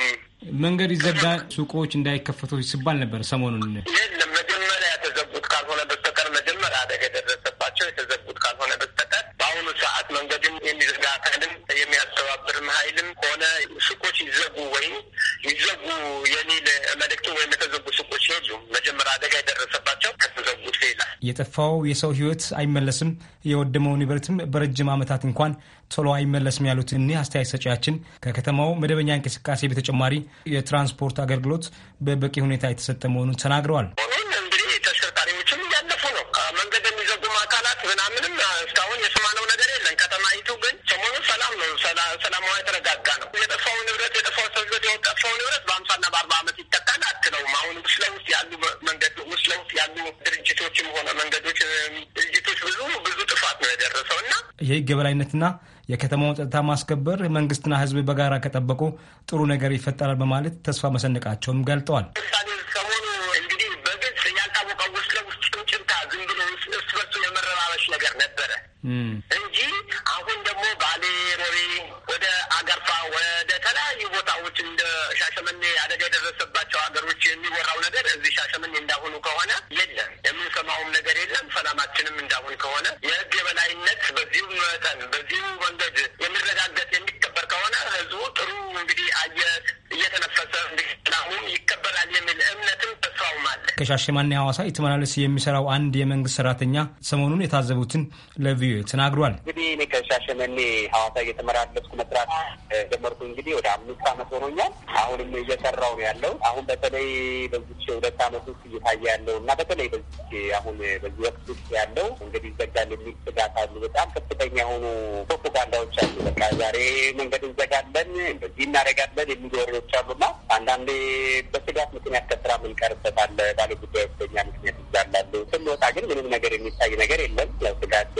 መንገድ ይዘጋል፣ ሱቆች እንዳይከፈቱ ሲባል ነበር ሰሞኑን። የለም መጀመሪያ የተዘጉት ካልሆነ በስተቀር መጀመሪያ አደጋ የደረሰባቸው የተዘጉት ካልሆነ በስተቀር በአሁኑ ሰዓት መንገድም የሚዘጋ አካልም የሚያስተባብርም ኃይልም ሆነ ሱቆች ይዘጉ ወይም ይዘጉ የሚል መልእክቱ ወይም የተዘጉ ነበር አደጋ የደረሰባቸው። ከተዘጉት ሌላ የጠፋው የሰው ህይወት አይመለስም፣ የወደመው ንብረትም በረጅም ዓመታት እንኳን ቶሎ አይመለስም ያሉት እኒህ አስተያየት ሰጪያችን ከከተማው መደበኛ እንቅስቃሴ በተጨማሪ የትራንስፖርት አገልግሎት በበቂ ሁኔታ የተሰጠ መሆኑን ተናግረዋል። ሰላማዊ የተረጋጋ ነው። የጠፋው ንብረት የጠፋው ሰው ህይወት የጠፋው ንብረት በአምሳና በአርባ አመት ነው። አሁን ውስጥ ለውስጥ ያሉ መንገድ ውስጥ ለውስጥ ያሉ ድርጅቶችም ሆነ መንገዶች ድርጅቶች ብዙ ብዙ ጥፋት ነው የደረሰው እና የህግ የበላይነትና የከተማውን ጸጥታ ማስከበር መንግስትና ህዝብ በጋራ ከጠበቁ ጥሩ ነገር ይፈጠራል በማለት ተስፋ መሰንቃቸውም ገልጠዋል። ሰሞኑ እንግዲህ በግልጽ ያልታወቀ ውስጥ ለውስጥ ጭምጭምታ ዝም ብሎ እርስ በርሱ የመረባበሽ ነገር ነበረ እንጂ አሁን ደግሞ ባሌ ሮቤ ወደ አገርፋ ወደ ተለያዩ ቦታዎች እንደ ሻሸመኔ አደጋ የደረሰበት የሚወራው ነገር እዚህ ሻሸመኔ እንዳሁኑ ከሆነ የለም፣ የምንሰማውም ነገር የለም። ሰላማችንም እንዳሁን ከሆነ የህግ የበላይነት በዚሁ መጠን በዚሁ መንገድ የሚረጋገጥ የሚከበር ከሆነ ህዝቡ ጥሩ እንግዲህ አየር እየተነፈሰ እንግዲህ ይከበራል የሚል እምነትም ተስፋውም አለ። ከሻሸመኔ ሐዋሳ የተመላለስ የሚሰራው አንድ የመንግስት ሰራተኛ ሰሞኑን የታዘቡትን ለቪዮ ተናግሯል። እንግዲህ እኔ ከሻሸመኔ ሐዋሳ እየተመላለስኩ መስራት ከጀመርኩ እንግዲህ ወደ አምስት አመት ሆኖኛል። አሁንም እየሰራው ነው ያለው። አሁን በተለይ በዚች ሁለት አመት ውስጥ እየታየ ያለው እና በተለይ በዚች አሁን በዚህ ወቅት ውስጥ ያለው እንግዲህ ይዘጋል የሚል ስጋት አሉ። በጣም ከፍተኛ የሆኑ ፕሮፓጋንዳዎች አሉ። በቃ ዛሬ መንገድ እንዘጋለን፣ በዚህ እናደርጋለን የሚሉ ወሬዎች አሉና አንዳንዴ በስጋት ምክንያት ከስራ ምንቀርበት አለ። ባለ ጉዳዮች በኛ ምክንያት ይዛላሉ። ስንወጣ ግን ምንም ነገር የሚታይ ነገር የለም። ስጋት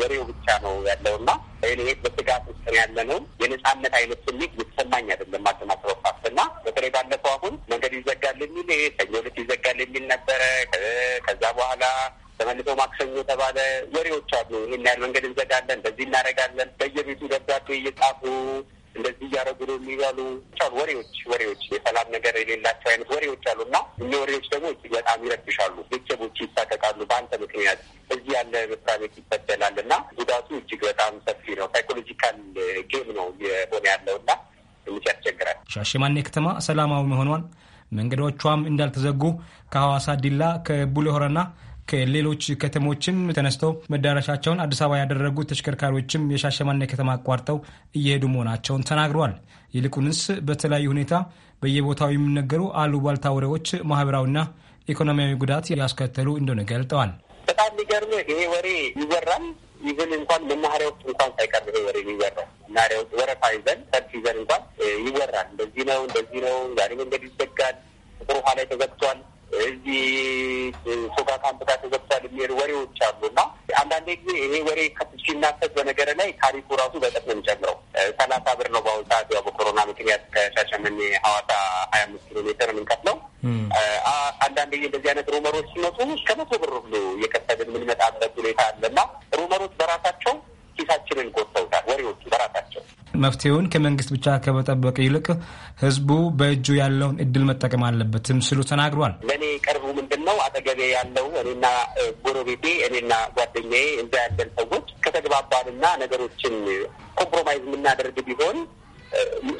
ወሬው ብቻ ነው ያለውና ይህ በስጋት ውስጥ ያለ ነው የነጻነት አይነት ስሜት እየተሰማኝ አይደለም። ማደናቅረው ፋክት በተለይ ባለፈው አሁን መንገድ ይዘጋል የሚል ሰኞ ዕለት ይዘጋል የሚል ነበረ። ከዛ በኋላ ተመልሶ ማክሰኞ የተባለ ወሬዎች አሉ። ይህን ያህል መንገድ እንዘጋለን፣ በዚህ እናደርጋለን፣ በየቤቱ ደብዳቤ እየጻፉ እንደዚህ እያደረጉ ነው የሚባሉ ወሬዎች ወሬዎች የሰላም ነገር የሌላቸው አይነት ወሬዎች አሉ እና እነ ወሬዎች ደግሞ እጅግ በጣም ይረብሻሉ። ቤተሰቦች ይሳቀቃሉ በአንተ ምክንያት እዚህ ያለ መስሪያ ቤት ይበደላል እና ጉዳቱ እጅግ በጣም ሰፊ ነው። ሳይኮሎጂካል ጌም ነው የሆነ ያለው እና ትንሽ ያስቸግራል። ሻሸማኔ ከተማ ሰላማዊ መሆኗን መንገዶቿም እንዳልተዘጉ ከሐዋሳ ዲላ፣ ከቡሌ ሆራና ከሌሎች ከተሞችም ተነስተው መዳረሻቸውን አዲስ አበባ ያደረጉ ተሽከርካሪዎችም የሻሸመኔ ከተማ አቋርጠው እየሄዱ መሆናቸውን ተናግረዋል። ይልቁንስ በተለያዩ ሁኔታ በየቦታው የሚነገሩ አሉባልታ ወሬዎች ማህበራዊና ኢኮኖሚያዊ ጉዳት ያስከተሉ እንደሆነ ገልጠዋል። በጣም ሊገርም ይሄ ወሬ ይወራል። ይዘን እንኳን መናኸሪያ ውስጥ እንኳን ሳይቀር ይሄ ወሬ ይወራል። መናኸሪያ ውስጥ ወረፋ ይዘን ሰልፍ ይዘን እንኳን ይወራል። እንደዚህ ነው እንደዚህ ነው፣ ዛሬ መንገድ ይዘጋል፣ ጥቁር ውሃ ላይ ተዘግቷል እዚህ ሶጋ ካምፕ ጋር ተዘግቷል የሚሄዱ ወሬዎች አሉ እና አንዳንድ ጊዜ ይሄ ወሬ ሲናፈስ በነገር ላይ ታሪኩ ራሱ በጠፍ ነው የሚጨምረው። ሰላሳ ብር ነው በአሁኑ ሰዓት ያው በኮሮና ምክንያት ከሻሸመኔ ሀዋሳ ሀያ አምስት ኪሎ ሜትር የምንከፍለው። ጊዜ እንደዚህ አይነት ሩመሮች ሲመጡ እስከ መቶ ብር ብሎ እየከፈልን የምንመጣበት ሁኔታ አለ እና ሩመሮች በራሳ መፍትሄውን ከመንግስት ብቻ ከመጠበቅ ይልቅ ህዝቡ በእጁ ያለውን እድል መጠቀም አለበትም ሲሉ ተናግሯል። ለእኔ ቀርቡ ምንድን ነው አጠገቤ ያለው እኔና ጎረቤቴ፣ እኔና ጓደኛዬ እዛ ያለን ሰዎች ከተግባባንና ነገሮችን ኮምፕሮማይዝ የምናደርግ ቢሆን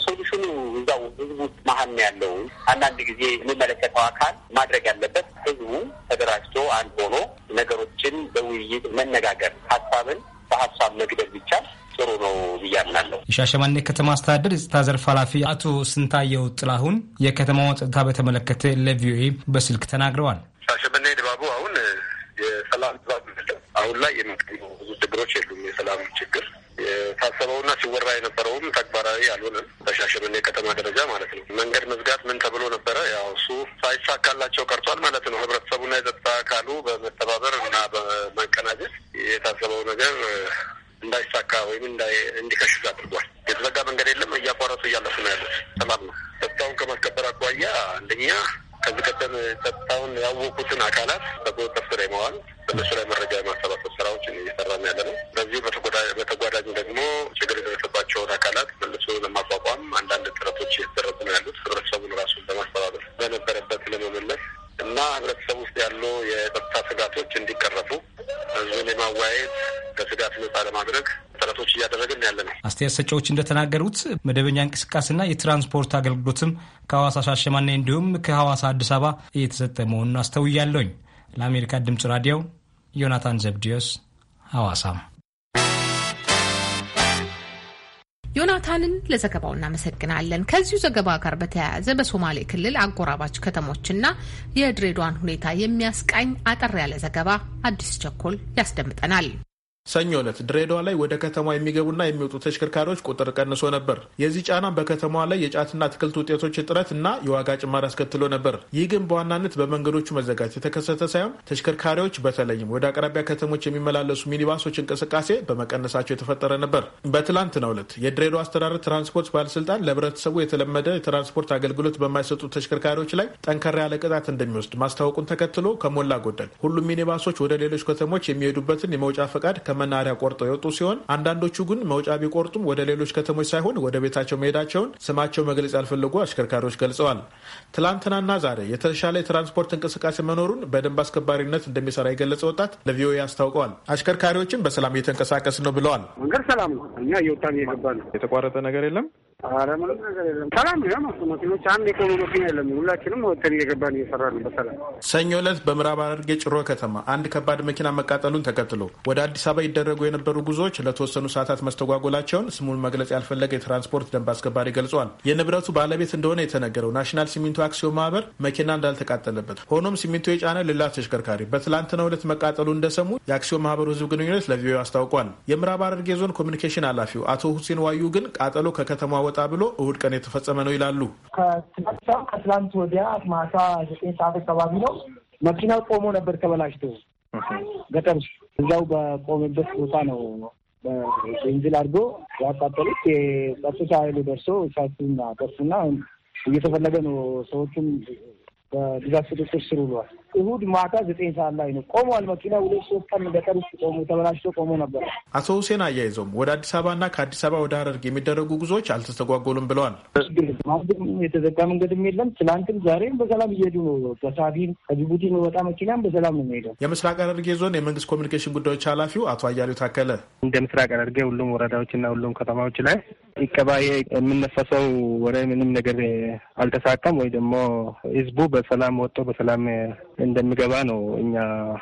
ሶሉሽኑ እዛው ህዝቡ ውስጥ መሀል ነው ያለው። አንዳንድ ጊዜ የሚመለከተው አካል ማድረግ ያለበት ህዝቡ ተደራጅቶ አንድ ሆኖ ነገሮችን በውይይት መነጋገር፣ ሀሳብን በሀሳብ መግደል ቢቻል ጥሩ ነው ብዬ አምናለሁ። የሻሸመኔ ከተማ አስተዳደር የጸጥታ ዘርፍ ኃላፊ አቶ ስንታየው ጥላሁን የከተማውን ጸጥታ በተመለከተ ለቪኦኤ በስልክ ተናግረዋል። ሻሸመኔ ድባቡ አሁን የሰላም ድባብ አሁን ላይ የሚገኙ ብዙ ችግሮች የሉም። የሰላም ችግር የታሰበውና ሲወራ የነበረውም ተግባራዊ አልሆነም። በሻሸመኔ ከተማ ደረጃ ማለት ነው። መንገድ መዝጋት ምን ተብሎ ነበረ? ያው እሱ ሳይሳካላቸው ቀርቷል ማለት ነው። ህብረተሰቡና የጸጥታ አካሉ በመተባበር እና በመቀናጀት የታሰበው ነገር እንዳይሳካ ወይም እንዲከሽፍ አድርጓል። የተዘጋ መንገድ የለም። እያቋረጡ እያለፉ ነው ያሉት። ሰላም ነው። ጸጥታውን ከማስከበር አኳያ አንደኛ ከዚህ ቀደም ጸጥታውን ያወቁትን አካላት በቁጥጥር ስር የመዋል በእነሱ ላይ መረጃ የማሰባሰብ ስራዎችን እየሰራ ነው ያለ ነው። በዚሁ በተጓዳኝ ደግሞ ችግር የደረሰባቸውን አካላት መልሶ ለማቋቋም አንዳንድ ጥረቶች እየተደረጉ ነው ያሉት። ህብረተሰቡን ራሱን ለማስተባበር በነበረበት ለመመለስ እና ህብረተሰብ ውስጥ ያሉ የጸጥታ ስጋቶች እንዲቀረፉ ህዝቡን የማወያየት ከስጋት ነጻ ለማድረግ ጥረቶች እያደረግን ያለ ነው። አስተያየት ሰጫዎች እንደተናገሩት መደበኛ እንቅስቃሴና የትራንስፖርት አገልግሎትም ከሐዋሳ ሻሸማኔ እንዲሁም ከሐዋሳ አዲስ አበባ እየተሰጠ መሆኑን አስተውያለሁኝ። ለአሜሪካ ድምጽ ራዲዮ ዮናታን ዘብድዮስ ሐዋሳም ናታንን ለዘገባው እናመሰግናለን። ከዚሁ ዘገባ ጋር በተያያዘ በሶማሌ ክልል አጎራባች ከተሞችና የድሬዳዋን ሁኔታ የሚያስቃኝ አጠር ያለ ዘገባ አዲስ ቸኮል ያስደምጠናል። ሰኞ ዕለት ድሬዳዋ ላይ ወደ ከተማ የሚገቡና የሚወጡ ተሽከርካሪዎች ቁጥር ቀንሶ ነበር። የዚህ ጫና በከተማዋ ላይ የጫትና አትክልት ውጤቶች እጥረት እና የዋጋ ጭማሪ አስከትሎ ነበር። ይህ ግን በዋናነት በመንገዶቹ መዘጋት የተከሰተ ሳይሆን ተሽከርካሪዎች በተለይም ወደ አቅራቢያ ከተሞች የሚመላለሱ ሚኒባሶች እንቅስቃሴ በመቀነሳቸው የተፈጠረ ነበር። በትላንትናው ዕለት የድሬዳዋ አስተዳደር ትራንስፖርት ባለስልጣን ለህብረተሰቡ የተለመደ የትራንስፖርት አገልግሎት በማይሰጡ ተሽከርካሪዎች ላይ ጠንከራ ያለ ቅጣት እንደሚወስድ ማስታወቁን ተከትሎ ከሞላ ጎደል ሁሉም ሚኒባሶች ወደ ሌሎች ከተሞች የሚሄዱበትን የመውጫ ፈቃድ መናኸሪያ ቆርጠው የወጡ ሲሆን አንዳንዶቹ ግን መውጫ ቢቆርጡም ወደ ሌሎች ከተሞች ሳይሆን ወደ ቤታቸው መሄዳቸውን ስማቸው መግለጽ ያልፈለጉ አሽከርካሪዎች ገልጸዋል። ትላንትናና ዛሬ የተሻለ የትራንስፖርት እንቅስቃሴ መኖሩን በደንብ አስከባሪነት እንደሚሰራ የገለጸ ወጣት ለቪኦኤ አስታውቀዋል። አሽከርካሪዎችን በሰላም እየተንቀሳቀስ ነው ብለዋል። መንገድ ሰላም ነው። እኛ እየወጣን እየገባ ነው። የተቋረጠ ነገር የለም። ምንም ነገር የለም። ሰላም ነው። መኪኖች አንድ የቆሙ መኪና የለም። ሁላችንም ወተን እየገባን ነው በሰላም። ሰኞ ዕለት በምዕራብ ሐረርጌ ጭሮ ከተማ አንድ ከባድ መኪና መቃጠሉን ተከትሎ ወደ አዲስ አበባ ይደረጉ የነበሩ ጉዞዎች ለተወሰኑ ሰዓታት መስተጓጎላቸውን ስሙን መግለጽ ያልፈለገ የትራንስፖርት ደንብ አስከባሪ ገልጿል። የንብረቱ ባለቤት እንደሆነ የተነገረው ናሽናል ሲሚንቶ አክሲዮን ማህበር መኪና እንዳልተቃጠለበት፣ ሆኖም ሲሚንቶ የጫነ ሌላ ተሽከርካሪ በትላንትናው ዕለት መቃጠሉ እንደሰሙ የአክሲዮን ማህበሩ ህዝብ ግንኙነት ለቪኦኤ አስታውቋል። የምዕራብ ሐረርጌ ዞን ኮሚኒኬሽን ኃላፊው አቶ ሁሴን ዋዩ ግን ቃጠሎ ከከተማ ወጣ ብሎ እሁድ ቀን የተፈጸመ ነው ይላሉ። ከትናንትናው ከትላንት ወዲያ ማታ ዘጠኝ ሰዓት አካባቢ ነው። መኪናው ቆሞ ነበር ተበላሽቶ ገጠር እዛው በቆመበት ቦታ ነው በቤንዚል አድርጎ ያቃጠሉት። የጸጥታ ኃይሉ ደርሶ እሳቱን አጠፉና እየተፈለገ ነው። ሰዎቹም በድጋፍ ቁጥጥር ስር ውሏል። እሁድ ማታ ዘጠኝ ሰዓት ላይ ነው ቆሟል። መኪና ሁለት ሶስት ቀን ገጠር ውስጥ ቆሞ ተበላሽቶ ቆሞ ነበር። አቶ ሁሴን አያይዘውም ወደ አዲስ አበባና ከአዲስ አበባ ወደ ሀረርጌ የሚደረጉ ጉዞዎች አልተስተጓጎሉም ብለዋል። የተዘጋ መንገድም የለም። ትላንትም ዛሬም በሰላም እየሄዱ ነው። በሳቢም ከጅቡቲ የሚወጣ መኪናም በሰላም ነው የሚሄደው። የምስራቅ ሀረርጌ ዞን የመንግስት ኮሚኒኬሽን ጉዳዮች ኃላፊው አቶ አያሌው ታከለ እንደ ምስራቅ ሀረርጌ ሁሉም ወረዳዎችና ሁሉም ከተማዎች ላይ ይቀባ የምነፈሰው ወደ ምንም ነገር አልተሳካም ወይ ደግሞ ህዝቡ በሰላም ወጥቶ በሰላም እንደሚገባ ነው እኛ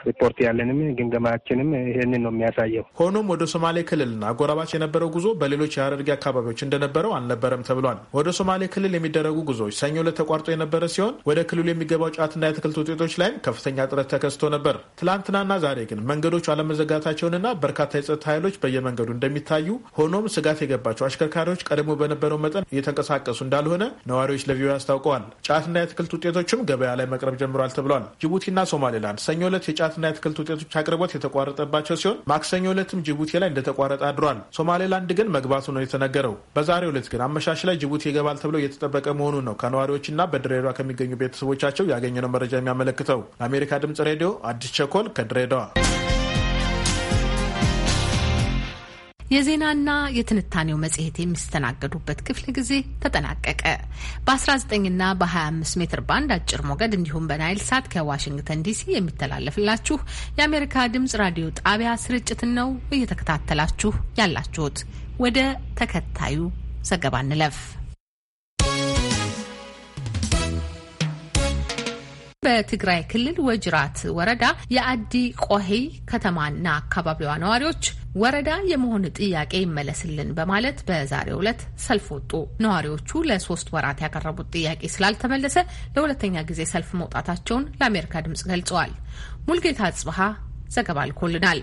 ሪፖርት ያለንም ግምገማችንም ይህንን ነው የሚያሳየው። ሆኖም ወደ ሶማሌ ክልልና አጎራባች የነበረው ጉዞ በሌሎች የሀረርጌ አካባቢዎች እንደነበረው አልነበረም ተብሏል። ወደ ሶማሌ ክልል የሚደረጉ ጉዞዎች ሰኞ ዕለት ተቋርጦ የነበረ ሲሆን ወደ ክልሉ የሚገባው ጫትና የአትክልት ውጤቶች ላይም ከፍተኛ ጥረት ተከስቶ ነበር። ትላንትናና ዛሬ ግን መንገዶቹ አለመዘጋታቸውንና በርካታ የጸጥታ ኃይሎች በየመንገዱ እንደሚታዩ ሆኖም ስጋት የገባቸው አሽከርካሪዎች ቀድሞ በነበረው መጠን እየተንቀሳቀሱ እንዳልሆነ ነዋሪዎች ለቪኦኤ አስታውቀዋል። ጫትና የአትክልት ውጤቶችም ገበያ ላይ መቅረብ ጀምሯል ተብሏል። ጅቡቲና ሶማሌላንድ ሰኞ ዕለት የጫትና የአትክልት ውጤቶች አቅርቦት የተቋረጠባቸው ሲሆን ማክሰኞ ዕለትም ጅቡቲ ላይ እንደተቋረጠ አድሯል። ሶማሌላንድ ግን መግባቱ ነው የተነገረው። በዛሬ ዕለት ግን አመሻሽ ላይ ጅቡቲ ይገባል ተብሎ እየተጠበቀ መሆኑን ነው ከነዋሪዎችና በድሬዳዋ ከሚገኙ ቤተሰቦቻቸው ያገኘነው መረጃ የሚያመለክተው። ለአሜሪካ ድምጽ ሬዲዮ አዲስ ቸኮል ከድሬዳዋ የዜናና የትንታኔው መጽሔት የሚስተናገዱበት ክፍለ ጊዜ ተጠናቀቀ። በ19ና በ25 ሜትር ባንድ አጭር ሞገድ እንዲሁም በናይል ሳት ከዋሽንግተን ዲሲ የሚተላለፍላችሁ የአሜሪካ ድምጽ ራዲዮ ጣቢያ ስርጭትን ነው እየተከታተላችሁ ያላችሁት። ወደ ተከታዩ ዘገባ እንለፍ። በትግራይ ክልል ወጅራት ወረዳ የአዲ ቆሄይ ከተማና አካባቢዋ ነዋሪዎች ወረዳ የመሆን ጥያቄ ይመለስልን በማለት በዛሬው ዕለት ሰልፍ ወጡ። ነዋሪዎቹ ለሶስት ወራት ያቀረቡት ጥያቄ ስላልተመለሰ ለሁለተኛ ጊዜ ሰልፍ መውጣታቸውን ለአሜሪካ ድምጽ ገልጸዋል። ሙልጌታ ጽብሃ ዘገባ ልኮልናል።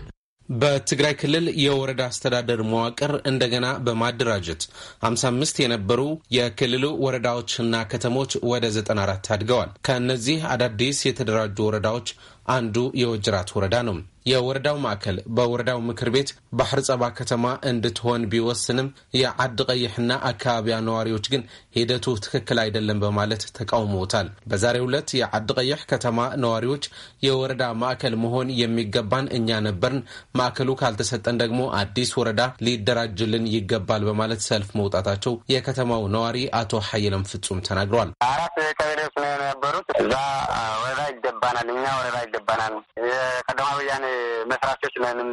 በትግራይ ክልል የወረዳ አስተዳደር መዋቅር እንደገና በማደራጀት 55 የነበሩ የክልሉ ወረዳዎችና ከተሞች ወደ 94 አድገዋል። ከእነዚህ አዳዲስ የተደራጁ ወረዳዎች አንዱ የወጅራት ወረዳ ነው። የወረዳው ማዕከል በወረዳው ምክር ቤት ባህር ጸባ ከተማ እንድትሆን ቢወስንም የዓዲ ቀይሕና አካባቢያ ነዋሪዎች ግን ሂደቱ ትክክል አይደለም በማለት ተቃውመውታል። በዛሬው ዕለት የዓዲ ቀይሕ ከተማ ነዋሪዎች የወረዳ ማዕከል መሆን የሚገባን እኛ ነበርን፣ ማዕከሉ ካልተሰጠን ደግሞ አዲስ ወረዳ ሊደራጅልን ይገባል በማለት ሰልፍ መውጣታቸው የከተማው ነዋሪ አቶ ሀይለም ፍጹም ተናግረዋል። አራት ቀበሌዎች ነው የነበሩት። እዛ ወረዳ ይገባናል እኛ ወረዳ ይገባናል፣ የቀደማ ወያኔ መስራቾች ነንም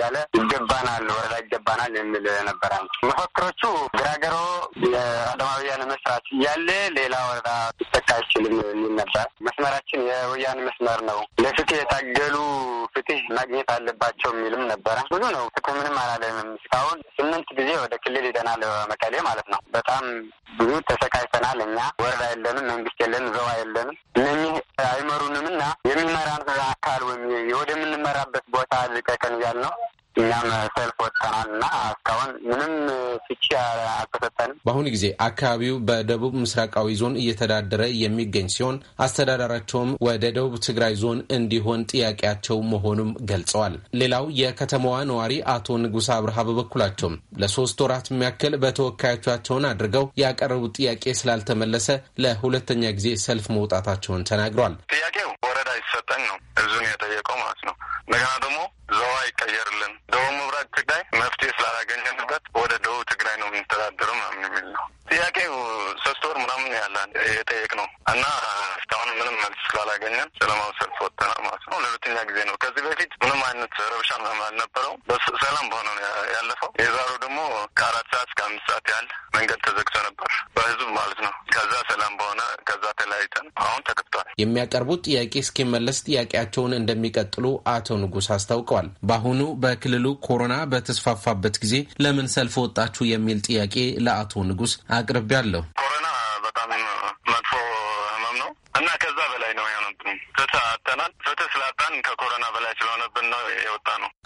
ያለ ይገባናል፣ ወረዳ ይገባናል የሚል ነበረ። መፈክሮቹ ግራገሮ የቀደማ ወያኔ መስራች እያለ ሌላ ወረዳ ሊተካ አይችልም የሚል ነበር። መስመራችን የወያኔ መስመር ነው፣ ለፍትህ የታገሉ ፍትህ ማግኘት አለባቸው የሚልም ነበረ። ብዙ ነው። ፍትህ ምንም አላለም እስካሁን ስምንት ጊዜ ወደ ክልል ሄደናል፣ መቀሌ ማለት ነው። በጣም ብዙ ተሰቃይተናል። እኛ ወረዳ የለንም፣ መንግስት የለንም፣ ዘዋ የለንም። እነኚህ አይመሩንም እና የሚመራ የመራን አካል ወይም ወደምንመራበት ቦታ ልቀቀን እያል ነው። እኛም ሰልፍ ወጥተናል እና እስካሁን ምንም ፍቺ አልተሰጠንም። በአሁኑ ጊዜ አካባቢው በደቡብ ምስራቃዊ ዞን እየተዳደረ የሚገኝ ሲሆን አስተዳደራቸውም ወደ ደቡብ ትግራይ ዞን እንዲሆን ጥያቄያቸው መሆኑም ገልጸዋል። ሌላው የከተማዋ ነዋሪ አቶ ንጉሥ አብርሃ በበኩላቸውም ለሶስት ወራት የሚያክል በተወካዮቻቸውን አድርገው ያቀረቡት ጥያቄ ስላልተመለሰ ለሁለተኛ ጊዜ ሰልፍ መውጣታቸውን ተናግሯል ጥያቄው እንደገና ደግሞ ዞባ ይቀየርልን ደቡብ ምብራቅ ትግራይ መፍትሄ ስላላገኘንበት ወደ ደቡብ ትግራይ ነው የምንተዳደሩ ምናምን የሚል ነው ጥያቄው። ሶስት ወር ምናምን ያለን የጠየቅ ነው እና እስካሁን ምንም መልስ ስላላገኘን ሰላማዊ ሰልፍ ወጥተናል ማለት ነው። ለሁለተኛ ጊዜ ነው። ከዚህ በፊት ምንም አይነት ረብሻ ምናምን አልነበረው። ሰላም በሆነ ያለፈው። የዛሬው ደግሞ ከአራት ሰዓት እስከ አምስት ሰዓት ያህል የሚያቀርቡት ጥያቄ እስኪመለስ ጥያቄያቸውን እንደሚቀጥሉ አቶ ንጉስ አስታውቀዋል። በአሁኑ በክልሉ ኮሮና በተስፋፋበት ጊዜ ለምን ሰልፍ ወጣችሁ የሚል ጥያቄ ለአቶ ንጉስ አቅርቤያለሁ። ኮሮና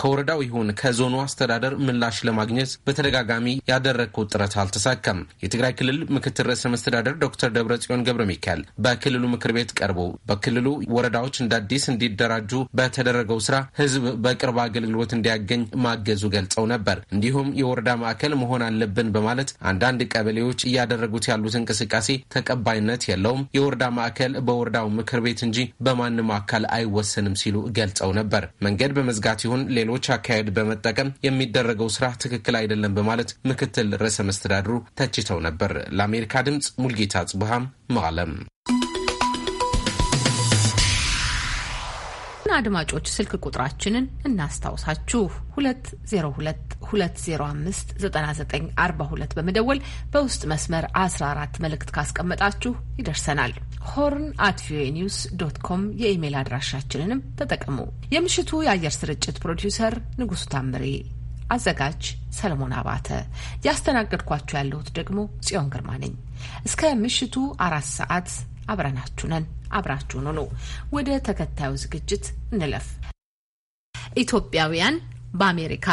ከወረዳው ይሁን ከዞኑ አስተዳደር ምላሽ ለማግኘት በተደጋጋሚ ያደረግኩት ጥረት አልተሳካም። የትግራይ ክልል ምክትል ርዕሰ መስተዳደር ዶክተር ደብረጽዮን ገብረ ሚካኤል በክልሉ ምክር ቤት ቀርቦ በክልሉ ወረዳዎች እንደ አዲስ እንዲደራጁ በተደረገው ስራ ህዝብ በቅርብ አገልግሎት እንዲያገኝ ማገዙ ገልጸው ነበር። እንዲሁም የወረዳ ማዕከል መሆን አለብን በማለት አንዳንድ ቀበሌዎች እያደረጉት ያሉት እንቅስቃሴ ተቀባይነት የለውም፣ የወረዳ ማዕከል በወረዳው ምክር ቤት እንጂ በማንም አካል አይወሰንም ሲሉ ገልጸው ነበር። መንገድ በመዝጋት ይሁን ሌሎ ሌሎች አካሄድ በመጠቀም የሚደረገው ስራ ትክክል አይደለም በማለት ምክትል ርዕሰ መስተዳድሩ ተችተው ነበር። ለአሜሪካ ድምፅ ሙልጌታ ጽቡሃም መቀለም። አድማጮች ስልክ ቁጥራችንን እናስታውሳችሁ 202 2059942 በመደወል በውስጥ መስመር 14 መልእክት ካስቀመጣችሁ ይደርሰናል። ሆርን አት ቪኦኤ ኒውስ ዶት ኮም የኢሜይል አድራሻችንንም ተጠቀሙ የምሽቱ የአየር ስርጭት ፕሮዲውሰር ንጉሱ ታምሬ፣ አዘጋጅ ሰለሞን አባተ፣ ያስተናገድኳችሁ ያለሁት ደግሞ ጽዮን ግርማ ነኝ። እስከ ምሽቱ አራት ሰዓት አብረናችሁ ነን። አብራችሁን ሆኖ ወደ ተከታዩ ዝግጅት እንለፍ። ኢትዮጵያውያን በአሜሪካ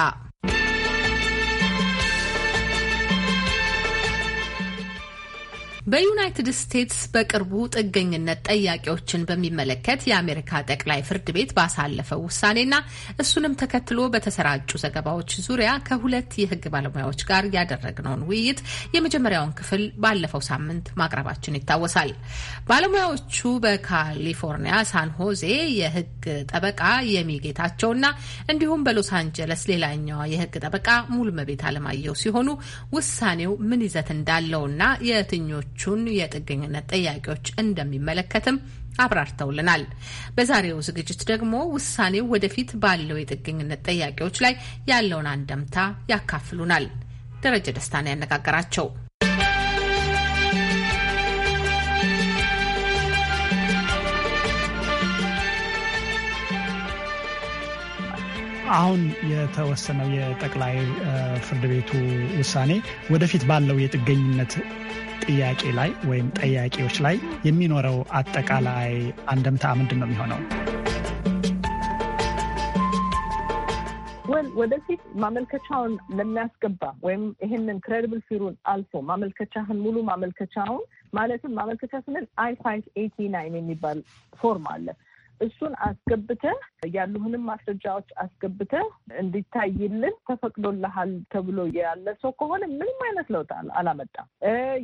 በዩናይትድ ስቴትስ በቅርቡ ጥገኝነት ጠያቂዎችን በሚመለከት የአሜሪካ ጠቅላይ ፍርድ ቤት ባሳለፈው ውሳኔና እሱንም ተከትሎ በተሰራጩ ዘገባዎች ዙሪያ ከሁለት የህግ ባለሙያዎች ጋር ያደረግነውን ውይይት የመጀመሪያውን ክፍል ባለፈው ሳምንት ማቅረባችን ይታወሳል። ባለሙያዎቹ በካሊፎርኒያ ሳን ሆዜ የህግ ጠበቃ የሚጌታቸውና እንዲሁም በሎስ አንጀለስ ሌላኛዋ የህግ ጠበቃ ሙሉመቤት አለማየሁ ሲሆኑ ውሳኔው ምን ይዘት እንዳለውና የትኞ? ሌሎቹን የጥገኝነት ጥያቄዎች እንደሚመለከትም አብራርተውልናል። በዛሬው ዝግጅት ደግሞ ውሳኔው ወደፊት ባለው የጥገኝነት ጥያቄዎች ላይ ያለውን አንደምታ ያካፍሉናል። ደረጀ ደስታ ነው ያነጋገራቸው። አሁን የተወሰነው የጠቅላይ ፍርድ ቤቱ ውሳኔ ወደፊት ባለው የጥገኝነት ጥያቄ ላይ ወይም ጠያቂዎች ላይ የሚኖረው አጠቃላይ አንደምታ ምንድን ነው የሚሆነው? ወደፊት ማመልከቻውን ለሚያስገባ ወይም ይህንን ክሬዲብል ፊሩን አልፎ ማመልከቻህን ሙሉ ማመልከቻውን ማለትም ማመልከቻ ስንል አይ ፋይቭ ኤቲ ናይን የሚባል ፎርም አለ። እሱን አስገብተህ ያሉህንም ማስረጃዎች አስገብተህ እንዲታይልን ተፈቅዶልሃል ተብሎ ያለ ሰው ከሆነ ምንም አይነት ለውጥ አላመጣም።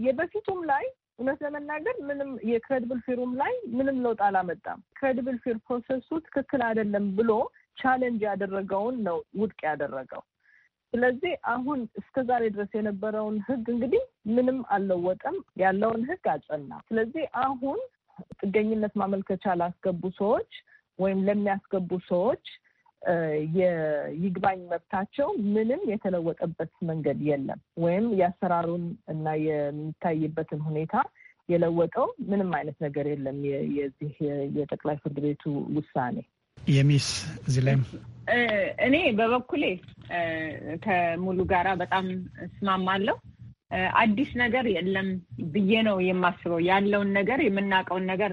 የበፊቱም ላይ እውነት ለመናገር ምንም የክሬዲብል ፊሩም ላይ ምንም ለውጥ አላመጣም። ክሬዲብል ፊር ፕሮሰሱ ትክክል አይደለም ብሎ ቻሌንጅ ያደረገውን ነው ውድቅ ያደረገው። ስለዚህ አሁን እስከ ዛሬ ድረስ የነበረውን ህግ እንግዲህ ምንም አልለወጠም፣ ያለውን ህግ አጸና። ስለዚህ አሁን ጥገኝነት ማመልከቻ ላስገቡ ሰዎች ወይም ለሚያስገቡ ሰዎች የይግባኝ መብታቸው ምንም የተለወጠበት መንገድ የለም። ወይም የአሰራሩን እና የሚታይበትን ሁኔታ የለወጠው ምንም አይነት ነገር የለም። የዚህ የጠቅላይ ፍርድ ቤቱ ውሳኔ የሚስ እዚህ ላይም እኔ በበኩሌ ከሙሉ ጋራ በጣም እስማማለሁ። አዲስ ነገር የለም ብዬ ነው የማስበው። ያለውን ነገር የምናውቀውን ነገር